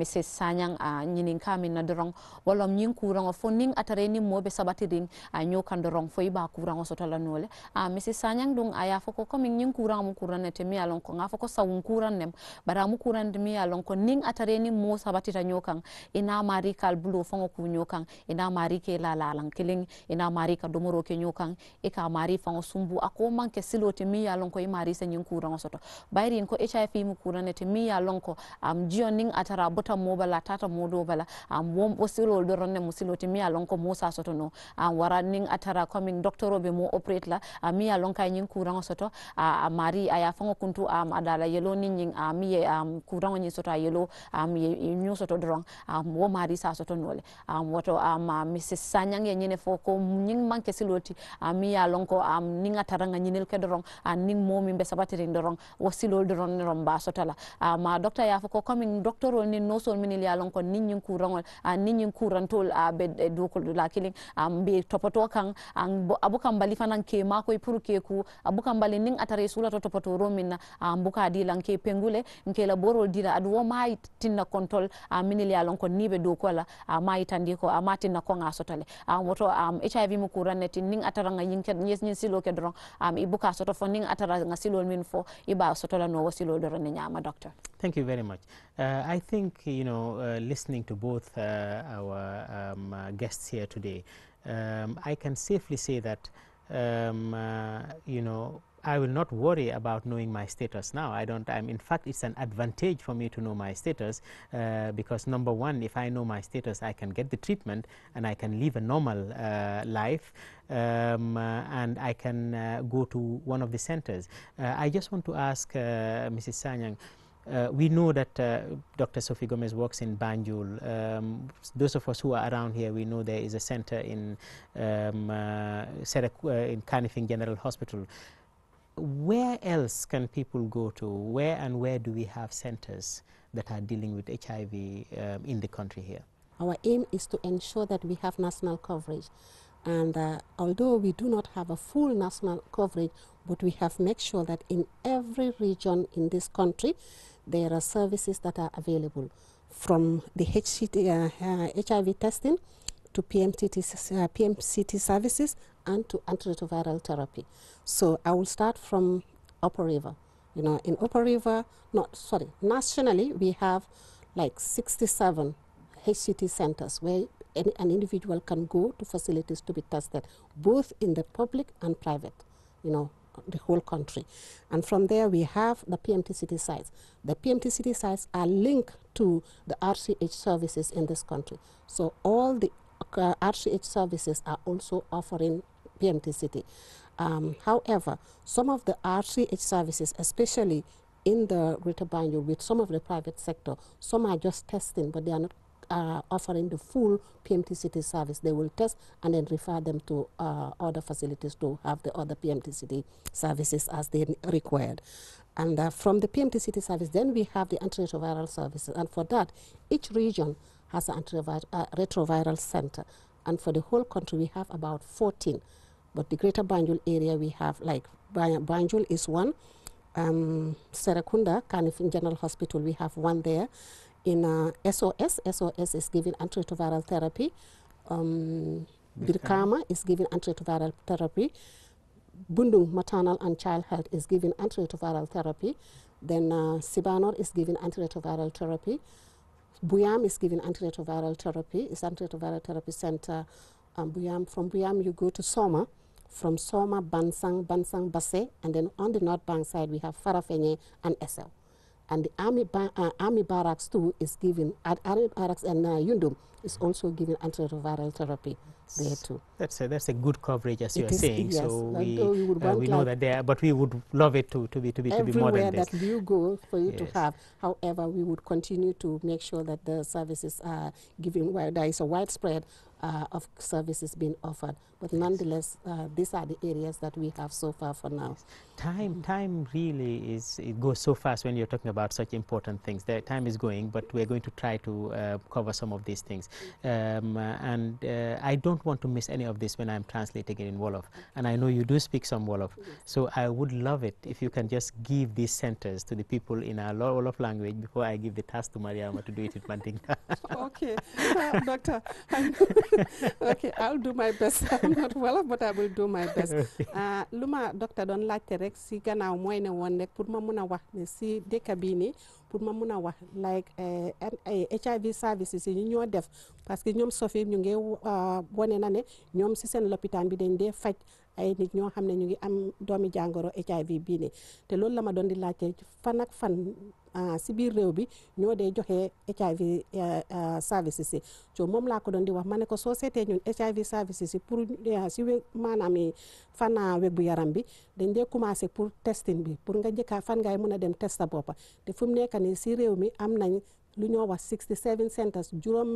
mrs sanyang uh, nyinin kamin na dorong wolom nyin kurang fo ning atare mobe sabati ding a uh, nyokan dorong fo iba kurang so tala nole a mrs sanyang dung aya fo ko komin nyin kurang mu kuran te mi alon ko ngafo ko sawun kuran nem bara mu kuran de alon ko ning atare mo sabati ta nyokan ina mari kal bulo fo ko nyokan ina mari ke la lalan kiling ina mari ka domoro ke nyokan e ka mari fa sumbu ako man ke silo te mi ya lonko e mari sen yin kuran soto bayri en ko hiv mu kuran te mi lonko am jion ning atara bota mo bala tata mo do bala am wom o silo do ronne mu silo te mi ya lonko mo sa soto no am wara ning atara coming doctor be a, a wo mari sa soto nole am woto am mrs sanyang ye nyine fo ko nyin manke silo am mi lonko am ninga taranga ñinil ke dorong anin momin be sabatirin dorong wasilol doron ni ron baso ma docteur ya ko komin docteur ni no sol minil ya lon ko ninyin kurangol ninyin kurantol be dokol la kilin be topoto kan abukan bali fanan ke mako pour ke ku abukan bali nin atare sula to topoto romin na buka di lan ke pengule nke la borol dira adu wo mai tinna kontol a minil ya lon ko nibe dokola mai tandi ko amatin na ko ngasotale woto hiv mu kuranne tin nin ataranga yinken yes nyin silo ke doron um, soto atara nga silol soto la silol doro doctor Thank you very much. Uh, I think, you know, uh, listening to both uh, our um, uh, guests here today, um, I can safely say that, um, uh, you know, I will not worry about knowing my status now. I don't, I'm, in fact, it's an advantage for me to know my status uh, because number one, if I know my status, I can get the treatment and I can live a normal uh, life um, uh, and I can uh, go to one of the centers. Uh, I just want to ask uh, Mrs. Sanyang, uh, we know that uh, Dr. Sophie Gomez works in Banjul. Um, those of us who are around here, we know there is a center in um, uh, in Kanifing General Hospital where else can people go to? Where and where do we have centers that are dealing with HIV um, in the country here? Our aim is to ensure that we have national coverage. And uh, although we do not have a full national coverage, but we have made sure that in every region in this country, there are services that are available from the HCT, uh, uh, HIV testing to PMTT, uh, PMCT services and to antiretroviral therapy. So I will start from Upper River. You know, in Upper River, not sorry, nationally we have like 67 HCT centers where any, an individual can go to facilities to be tested, both in the public and private. You know, the whole country. And from there, we have the PMTCT sites. The PMTCT sites are linked to the RCH services in this country. So all the uh, RCH services are also offering PMTCT. Um, however, some of the RCH services, especially in the Greater Banjul with some of the private sector, some are just testing, but they are not uh, offering the full PMTCT service. They will test and then refer them to uh, other facilities to have the other PMTCT services as they required. And uh, from the PMTCT service, then we have the antiretroviral services. And for that, each region has an antiretroviral uh, center. And for the whole country, we have about 14. But the greater Banjul area, we have like Banjul is one. Um, Serakunda, General Hospital, we have one there. In uh, SOS, SOS is giving antiretroviral therapy. Um, Birkama is giving antiretroviral therapy. Bundung Maternal and Child Health is giving antiretroviral therapy. Then uh, Sibanor is giving antiretroviral therapy. Buyam is giving antiretroviral therapy. It's antiretroviral therapy center. Um, Buyam, from Buyam, you go to Soma. From Soma, Bansang, Bansang, Basse, and then on the North Bank side, we have Farafenye and Essel. And the Army, ba uh, Army Barracks, too, is giving, Army Barracks and uh, Yundum is also giving antiretroviral therapy. That's a, that's a good coverage as it you are saying. Yes. So we, we, uh, we know that there, but we would love it to, to be to be to be more than this. Everywhere that you go, for you yes. to have. However, we would continue to make sure that the services are given. Well, there is a widespread uh, of services being offered. But yes. nonetheless, uh, these are the areas that we have so far for now. Time, mm. time really is, it goes so fast when you're talking about such important things. The time is going, but we're going to try to uh, cover some of these things. Um, uh, and uh, I don't want to miss any of this when I'm translating it in Wolof. And I know you do speak some Wolof. Yes. So I would love it if you can just give these centers to the people in our Wolof language before I give the task to Mariama to do it in Mandinka. [LAUGHS] okay. Uh, doctor, [LAUGHS] [LAUGHS] ok I'll do my best [LAUGHS] I'm not I will do my best [LAUGHS] ah, lu ma docteur doon laajte rek si gannaaw mooy ne woon rek pour ma mun a wax si dëkk bii nii pour ma mun a wax like HIV eh, services yi ñoo def parce que ñoom sofi ñu ngi ah, wone na ne ñoom si seen lopitaan bi dañ de faj ay nit ñoo xam ne ñu ngi am doomi jàngoro HIV bii nii te loolu la ma doon di laajte fan ak fan ah, si biir réew bi ñoo dee joxe HIV eh, eh, services yi so moom laa ko doon di wax ma ne ko soo seetee ñun HIV services yi pour eh, si wé maanaam i fan wég bu yaram bi dañ dee commencé pour testing bi pour nga njëkkaa fan ngay mën a dem test sa boppa te fu mu nekk nii si réew mi am nañ lu ñoo wax 67 centres juróom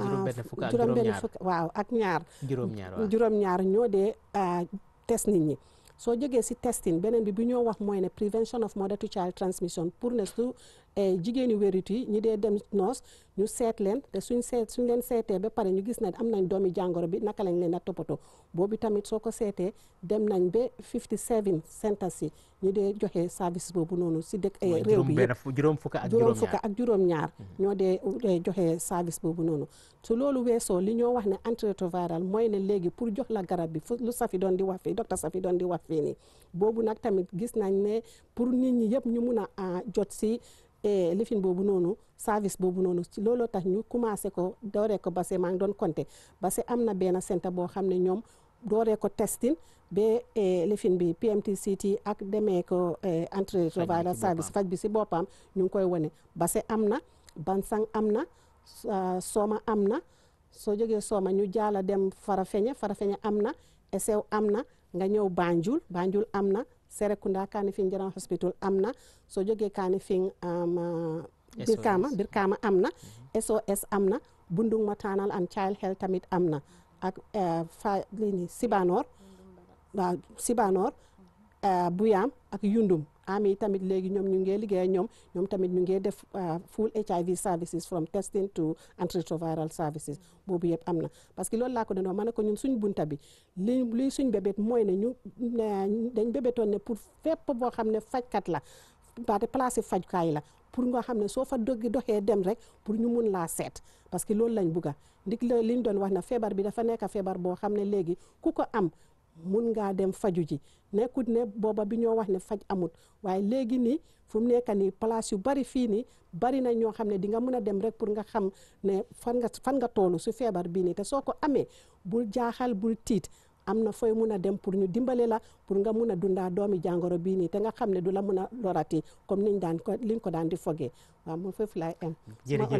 juróom-benn fukk waaw ak ñaar. juróom-ñaar waaw juróom ñoo dee euh, test nit ñi. soo jógee si testing beneen bi bi ñoo wax mooy ne prevention of mother to child transmission pour ne su E jigéeni wériti yi ñi dee dem noos ñu seet leen te suñ seet suñ leen seetee ba pare ñu gis ne am nañ doomi jàngoro bi naka lañ leen a toppatoo boobu tamit soo ko seetee dem nañ ba 57 centres si ñi dee joxe service boobu noonu si dëkk eh, réew bi yëpp juróom fukk ak juróom ñaar hmm. ñoo dee joxe service boobu noonu su loolu weesoo li ñoo wax ne antirétroviral mooy ne léegi pour jox la garab bi fu lu safi doon di wax fii docteur safi doon di wax fii nii boobu nag tamit gis nañ ne pour nit ñi yëpp ñu mun a jot si et lifin boobu noonu service boobu noonu ci looloo tax ñu commencé ko dooree ko base maa ngi doon compté base am na benn centre boo xam ne ñoom dooree ko testing ba e, lifin bi PMTCT ak demee ko antirétroviral e, service faj bi si boppam ñu ngi koy wane base am na bansang am na sooma am na soo jógee sooma ñu jaala dem farafeñe farafeñe am na esew am na nga ñëw banjul banjul am na Serekunda Kanifing General Hospital am na soo jógee Kanifing ah, Birkama Birkama am na SOS mhm. am na Bundung Maternal and Child Health tamit am na ak eh, fa lii ni Sibanor waaw Sibanor eh, Buyam ak Yundum ami tamit léegi ñoom ñu ngi liggéey ñoom ñoom tamit ñu ngi def ah, full HIV services from testing to antiretroviral services boobu yëpp am na parce que loolu laa ko doon ma ne ko ñun suñ bunta bi li suñ bébét mooy ne ñu dañ bébétoon ne pour fépp boo xam ne fajkat la baate place fajkaay la pour nga xam ne soo fa dogi doxee dem rek pour ñu mun laa seet parce que loolu lañ bugga ndik liñ doon wax na feebar bi dafa nekk feebar boo xam ne léegi ku ko am mun ngaa dem faju ji nekkut ne booba bi ñoo wax ne faj amut waaye léegi nii fu mu nekk nii place yu bari fii nii bari na ñoo xam ne di nga mën a dem rek pour nga xam ne fan nga fan nga toolu su feebar bii nii te soo ko amee bul jaaxal bul tiit amna foy muna dem pour ñu dimbalé la pour nga muna dunda doomi jangoro bi ni té nga xamné du la muna a lorati comme niñ daan ko liñ ko daan di foggé wa mo foofu lay am jërëjëf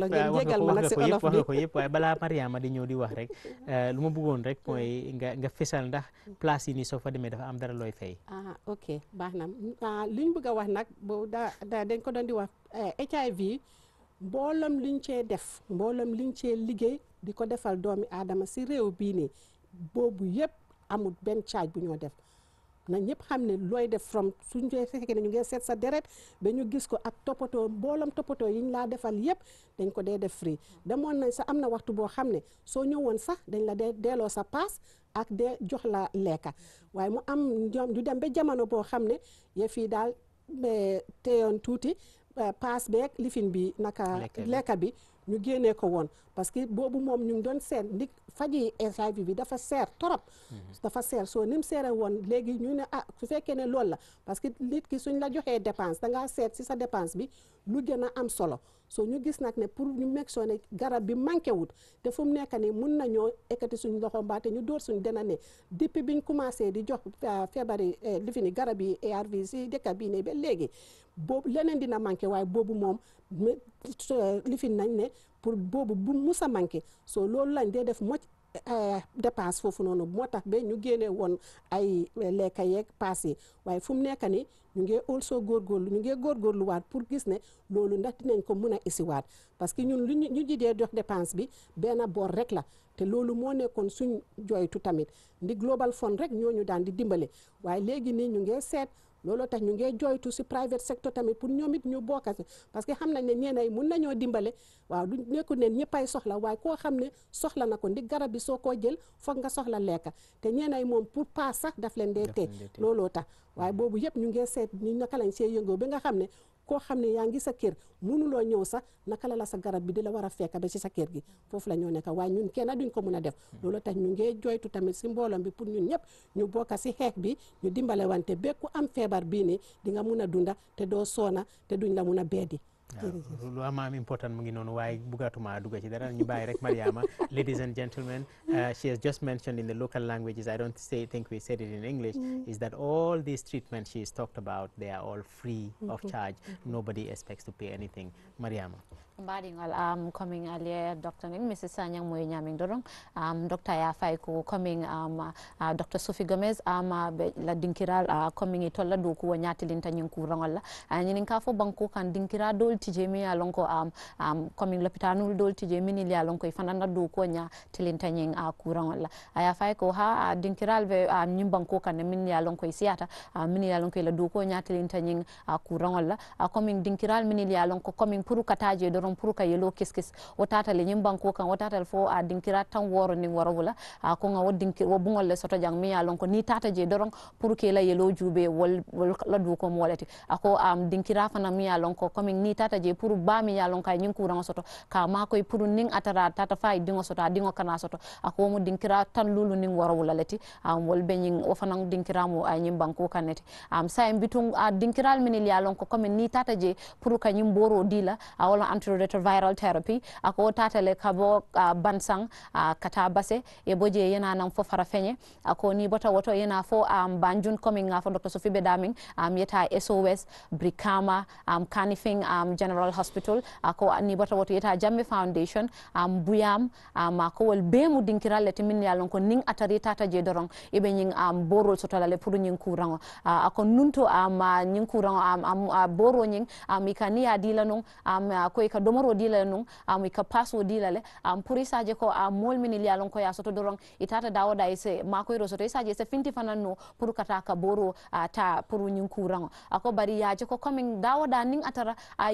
ma nag si olof wax nga ko Mariama di ñëw di wax rek [LAUGHS] euh luma bëggoon rek mooy nga nga fesal ndax place yi ni so fa démé dafa am dara loy fay ah ok baxna na ah, bëgg wax nak bo da dañ ko doon di wax HIV eh, mboolam liñ ci def mboolam liñ ci liggéey di defal doomi adama ci réew bi ni bobu yëpp amul benn charge bu ñoo def na ñëpp xam ne looy def from suñ koy fekkee ne ñu seet sa deret ba ñu gis ko ak toppatoo mboolam toppatoo yi ñu laa defal yëpp dañ ko dee def free demoon nañ sa am na waxtu boo xam ne soo ñëwoon sax dañ la dee delloo sa paas ak dee jox la lekka waaye mu am ñoom ñu dem ba jamono boo xam ne yëf yi daal eh, teyoon tuuti eh, paas beeg lifin bi naka lekka bi ñu génnee ko woon parce que boobu moom ñu ngi doon seet ndik faji HIV bi dafa seer torop mhm. dafa seer soo ni mu woon léegi ñu ne ah su fekkee ne loolu la parce que nit ki suñ la joxee dépense da ngaa seet si sa dépense bi lu gën a am solo soo ñu gis nag ne pour ñu meg soo garab bi manqué wut te fu mu nekk nii mun nañoo ekkati suñ loxo mbaate ñu dóor suñ dana ne depuis biñ commencé di jox ah, feebari eh, li fi ni garab yi ARV si dëkk bii ne ba léegi boobu leneen dina manqué waaye boobu moom Euh, lifin nañ ne pour boobu bu musa manqué so loolu lañ dee def moc euh, dépense foofu noonu moo tax ba ñu génnee woon ay euh, lekka yeeg paas yi waaye fu mu nekk ni ñu ngi also góorgóorlu ñu ngee ngi góorgóorluwaat pour gis ne loolu ndax dinañ ko mun a isiwaat parce que ñun lu ñu jidee jox dépense bi benn boor rek la te loolu moo nekkoon suñ jooytu tamit ndi global fund rek ñu daan di dimbale waaye léegi nii ñu ngi seet looloo tax ñu ngee jooytu si private sector tamit pour ñoom it ñu bokka si parce que xam nañ ne ñeen ay mun nañoo dimbale waaw du nekkul ne ñëppay soxla waaye koo xam ne soxla na ko ndi garab bi soo koo jël foog nga soxla lekka te ñeen ay moom pour pas sax daf leen dee tee looloo tax waaye boobu yëpp ñu ngee seet ñu naka lañ see yëngoo bi nga xam ne koo xam ne yaa ngi sa kër mënuloo ñëw sax naka la la sa garab bi di la war a fekk ba ci sa kër gi foofu la ñoo nekk waaye ñun kenn duñ ko mun a def loolu ta ñu ngee joytu tamit si mbooloom bi pour ñun ñëpp ñu bokka si xeex bi ñu dimbale wante bekku am feebar bii nii di nga mun a dunda te doo soona te duñ la mun a beedi lu ngi noonu waaye bugatuma dugg ci ñu bàyyi rek Mariama [LAUGHS] ladies and gentlemen uh, she has just mentioned in the local languages I don't think we said it in English mm. is that all these treatments she has talked about they are all free of mm-hmm. charge mm-hmm. nobody expects to pay anything Mariama wal um, coming alia dr nin mrs sanyang moye nyaming dorong um, dr ya fay ko coming um, uh, docteur sophie gomez um, uh, la dinkiral uh, coming i tolla dow kuwo ñatilinta ñin kurangol la uh, ñinin ka fo banko kan dinkira dol tije mi ya lonko um, um, coming lopitanul dol tije minil ya lonko i fanana dow kuwo ñatilinta ñin uh, kurangol la uh, fay ko ha uh, dinkiral be um, ñin banko kan ne min ya lonko i uh, minil ya lonko do la dow kuwo ñatilinta ñin uh, kurangol la uh, coming dinkiral minil ya lonko coming puru kataje dorong kaŋ pour ka yelo kiskis wo tata le ñiŋ banko kaŋ wo tata le fo a dinkira tan woro niŋ woro wula a koŋa wo dinkir le soto jaŋ miŋ ye a tata je doroŋ pour ke la a ko um, a a a soto ka maa koy pour niŋ a tata fa a ye soto a diŋo kana soto a ko wo dinkira tan lulu niŋ woro wula le ti wol be ñiŋ wo fanaŋ dinkira mu a ye banko kaŋ ne a uh, dinkiral minil ye a ko comme niŋ tata je pour ka ñiŋ booro dii a wo loŋ retroviral therapy ako tatale kabo uh, bansang uh, ah, kata base e boje yana nan fo fara fenye ako ni bota woto yana fo um, banjun coming uh, fo dr sophie bedaming um, yeta sos brikama um, kanifing um, general hospital ako ni bota woto yeta jamme foundation um, buyam um, ako wol bemu dinkiralle timin yalon ko ning atari tata je dorong ibe nyin am um, nyin ah, am um, um, uh, boro nyin am um, ikani ka domoro dila nun am ah, ka paso dila le am ah, puri saje ko a mol min ya lon ko ya itata dawo da mako ro soto saje se finti fanan no pur kata ka boro a ah, ta puru nyin ako bari ya ko coming dawo nin atara a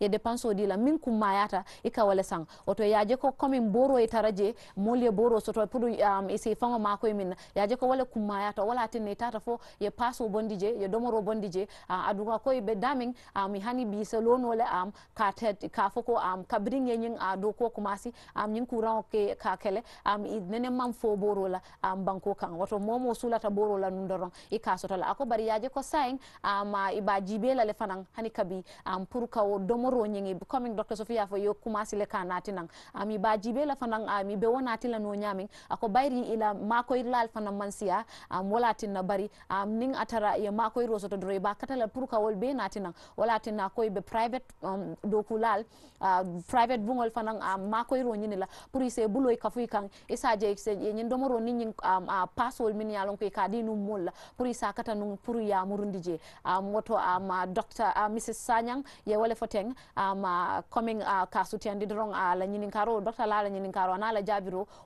ye dila min kuma yata ika wala sang oto ya ko coming boro itara je mol ye boro soto puru um, fango mako min ya ko wala kuma yata wala tin ne fo ye paso bondi je ye domoro bondi je uh, ah, aduka koy be daming um, ah, hani bi salon wala am ah, um, ka tet ka foko am um, ka bring yin ado ko kumasi am um, yin ran ke ka kele am um, nene man fo borola am um, banko kan wato momo sulata borola nun doron e ka so tala ako bari yaje ko sain am um, iba jibe la le fanan hani kabi am um, pour ka o domoro nyingi coming dr sofia fo yo kumasi le kanati nan am um, iba jibe la fanan am um, ibe wonati la no nyamin ako bayri ila makoy lal fanan mansia am um, wala tin na bari am um, ning atara ye makoy rosoto dro e baka katala ka wol be natina wala tinna koy be private um, dokulal uh, private bungol fanan um, uh, ma koy ro nyinila pour ise buloy kafuy kan isa je se nyin domoro ni nyin um, uh, pasol min yalon koy ka dinu mulla pour isa kata nun pour ya murundi je um, woto um, uh, doctor uh, mrs sanyang ye wala foteng um, uh, coming uh,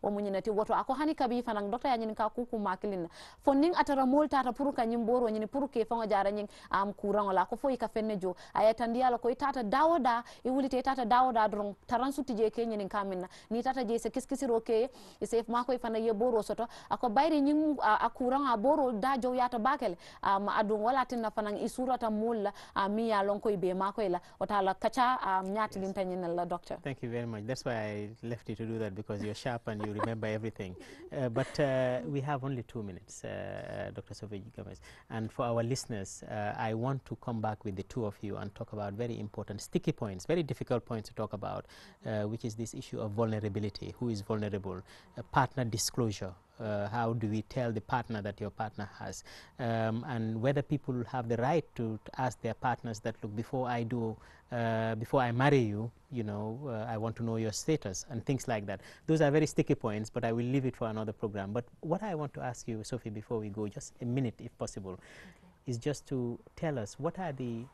o munyinati woto ako hani kabi fanan doctor ya nyinin ka kuku makilin fonning atara multa ta pour ka nyin boro nyini pour ke fanga jara nyin am um, la ko fo ka fenne jo ay la ko itata dawoda e wulite itata dawoda dron taransu tije ke nyen kamina ni tata je se kiskisiro ke sef ma ko fana ye boro soto ako bayri nyim a courant a boro da jo yata bakel am um, adun wala na fana isurata mulla mi ya lon ko be ma ko la otala kacha am um, nyati yes. limtanyen la doctor thank you very much that's why i left you to do that because you're sharp and you remember everything [LAUGHS] uh, but uh, we have only 2 minutes uh, dr sovej gomez and for our listeners uh, I want to come back with the two of you and talk about very important sticky points, very difficult points to talk about, uh, which is this issue of vulnerability, who is vulnerable, uh, partner disclosure. Uh, how do we tell the partner that your partner has, um, and whether people have the right to, to, ask their partners that, look, before I do, uh, before I marry you, you know, uh, I want to know your status and things like that. Those are very sticky points, but I will leave it for another program. But what I want to ask you, Sophie, before we go, just a minute if possible. Okay is just to tell us what are the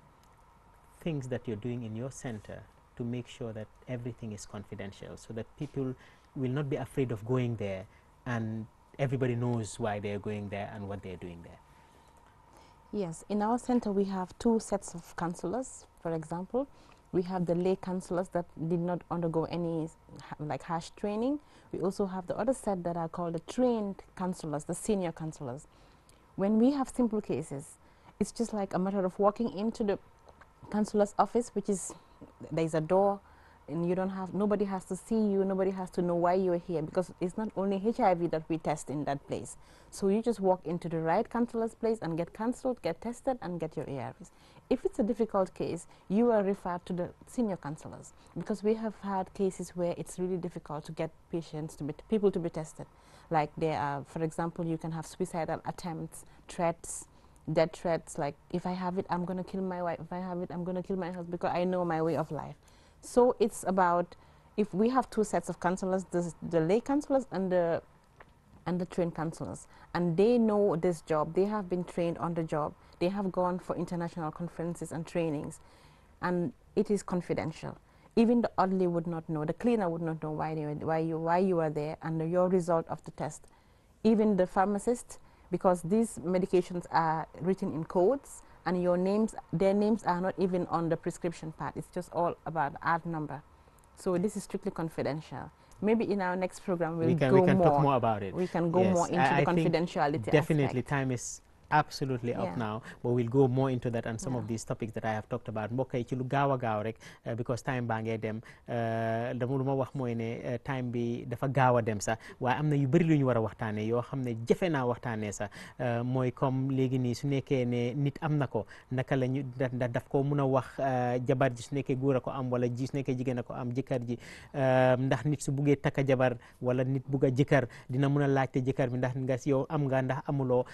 things that you're doing in your center to make sure that everything is confidential so that people will not be afraid of going there and everybody knows why they're going there and what they're doing there. Yes, in our center we have two sets of counselors, for example. We have the lay counselors that did not undergo any like harsh training. We also have the other set that are called the trained counselors, the senior counselors. When we have simple cases, it's just like a matter of walking into the counselor's office, which is there's a door and you don't have nobody has to see you nobody has to know why you're here because it's not only hiv that we test in that place so you just walk into the right counselor's place and get counseled get tested and get your ARVs. if it's a difficult case you are referred to the senior counselors because we have had cases where it's really difficult to get patients to be people to be tested like there are for example you can have suicidal attempts threats death threats like if I have it, I'm going to kill my wife. If I have it, I'm going to kill my husband because I know my way of life. So it's about if we have two sets of counselors, the the lay counselors and the and the trained counselors, and they know this job. They have been trained on the job. They have gone for international conferences and trainings, and it is confidential. Even the orderly would not know. The cleaner would not know why they were, why you why you are there and the, your result of the test. Even the pharmacist because these medications are written in codes and your names, their names are not even on the prescription part. It's just all about ad number. So this is strictly confidential. Maybe in our next program we'll we can, go we can more. talk more about it. We can go yes, more into I the confidentiality. Definitely, aspect. time is absolutely up now but we'll go more into that and some of these topics that I have talked about mbokk yi ci lu gaaw a gaaw rek eh, because time baa ngee dem eh, dama lu ma wax mooy ne eh, time bi dafa gaaw a dem sax waaye am na yu bëri lu ñu war a waxtaanee yoo xam ne jafe naa waxtaanee sax mooy comme léegi nii su nekkee ne nit am na ko naka la ñu da daf ko mun a wax jabar ji su nekkee góor ko am wala ji su nekkee jigéen a ko am jëkkër ji ndax nit su buggee takka jabar wala nit bugg a jëkkër dina mun a laajte jëkkër bi ndax nga yow am nga ndax amuloo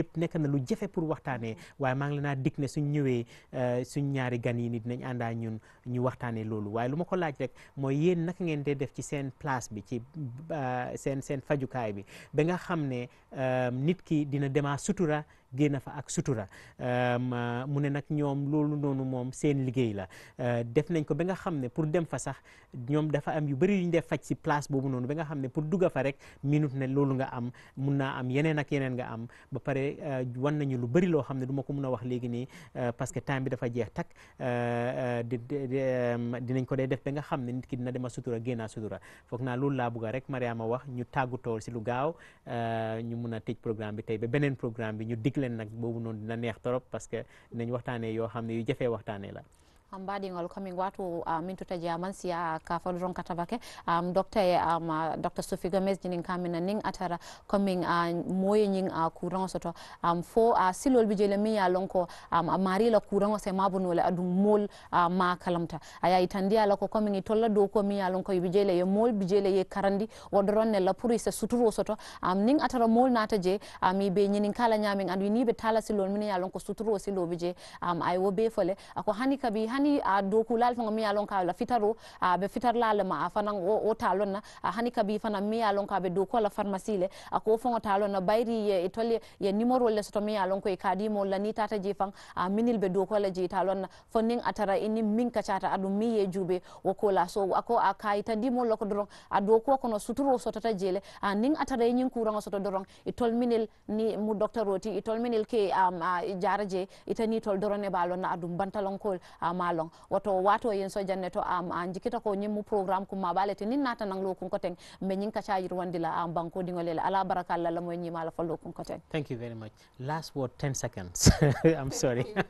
yëpp nekk na lu jefe pour waxtaanee waaye maa ngi la naa dig ne suñ ñëwee euh, suñ ñaari gan yi ni dinañ àndaa ñun ñu waxtaanee loolu waaye lu ma ko laaj rek mooy yéen naka ngeen dee def ci seen place bi ci euh, seen seen fajukaay bi ba nga xam ne euh, nit ki dina demaa sutura génn fa ak sutura mu ne nag ñoom loolu noonu moom seen liggéey la def nañ ko ba nga xam ne pour dem fa sax ñoom dafa am yu bëri yu ñu def faj si place boobu noonu ba nga xam ne pour dugga fa rek minute ne loolu nga am mun na am yeneen ak yeneen nga am ba pare eh, wan nañu lu bëri loo xam ne du ma ko mun a wax léegi nii eh, parce que temps bi dafa jeex takk eh, di dinañ ko dee def ba nga xam ne nit ki dina dema sutura génnaa sutura foog naa loolu laa bugga rek Mariama wax ñu tàggu tool si lu leen nag boobu noonu dina neex trop parce que dinañ waxtaanee yoo xam ne yu jafee waxtaanee la an mbaɗigol kamin wato ah, min totaji aman siya ka ron kata bake um, ah, docteur e um, ah, docteur sophie gomez jinin kamina ning atara coming a uh, moyeñin uh, courant soto um, fo uh, silol bi jele miya lonko um, mari la courant se mabuno mabunole adu mol uh, ma kalamta aya itandia la ko coming i tolla dow ko miya lonko bi jele ye mol bi jele ye karandi wodoron ne la pour se suturo soto um, ning atara mol nata je um, be ñinin kala ñamin adu ni be tala silol min ya lonko suturo silo bi je um, ay wo be fole ako hanika bi hani hani a ah, dokulal fanga mi alon ka la fitaro a ah, be fitar la ma ah, fana o, o talon na a hani kabi fana mi alon ka be doko la pharmacie le a ko fanga talon na bayri ye itole ye numero le soto mi alon ko e kadi mo la ni tata je fang a minil be doko la je talon na fonning atara ini min ka chata adu mi ye jube wo ko la so ako a kaita di mo loko doron a doko kono suturo soto ta jele a ning atara yin kuranga soto doron itol minil ni mu doctor roti itol minil ke um, a jaraje itani tol doron e balon na adum bantalonkol a ma along wato so am um, an jikita ko programme nata nang lo kun me nyin ka chayir wandila am um, banko ala la moy fo lo kun thank you very much last word 10 seconds [LAUGHS] i'm sorry uh,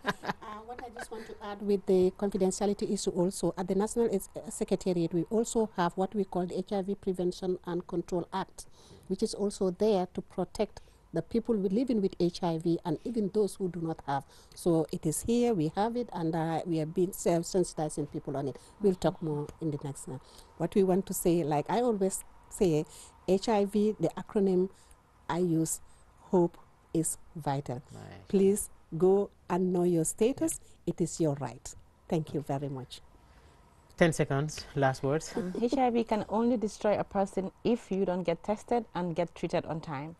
what I just want to add with the confidentiality issue also, at the National Secretariat, we also have what we call the HIV Prevention and Control Act, which is also there to protect the people living with HIV and even those who do not have. So it is here, we have it, and uh, we are being sensitizing people on it. We'll talk more in the next one. Uh, what we want to say, like I always say, HIV, the acronym I use, hope is vital. Nice. Please go and know your status. It is your right. Thank you very much. 10 seconds, last words. HIV [LAUGHS] can only destroy a person if you don't get tested and get treated on time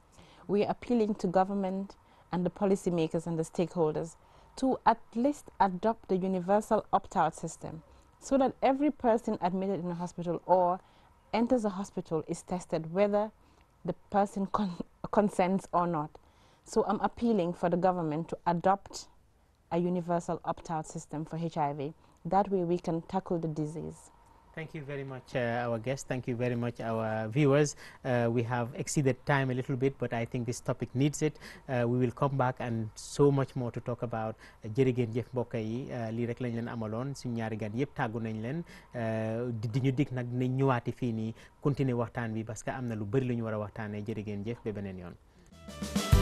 we are appealing to government and the policymakers and the stakeholders to at least adopt the universal opt-out system so that every person admitted in a hospital or enters a hospital is tested whether the person con [LAUGHS] consents or not. So I'm appealing for the government to adopt a universal opt-out system for HIV. That way we can tackle the disease. Thank you very much, uh, our guests. Thank you very much, our viewers. Uh, we have exceeded time a little bit, but I think this topic needs it. Uh, we will come back and so much more to talk about. Uh, jërë jëf mbokk yi uh, lii rek lañ leen amaloon suñu ñaari gan yëpp tàggu nañ leen uh, di ñu dikk nag dinañ ñëwaati fii nii continuer waxtaan wi parce que am na lu bëri lu ñu war a waxtaanee jërë ngeen jëf ba beneen yoon.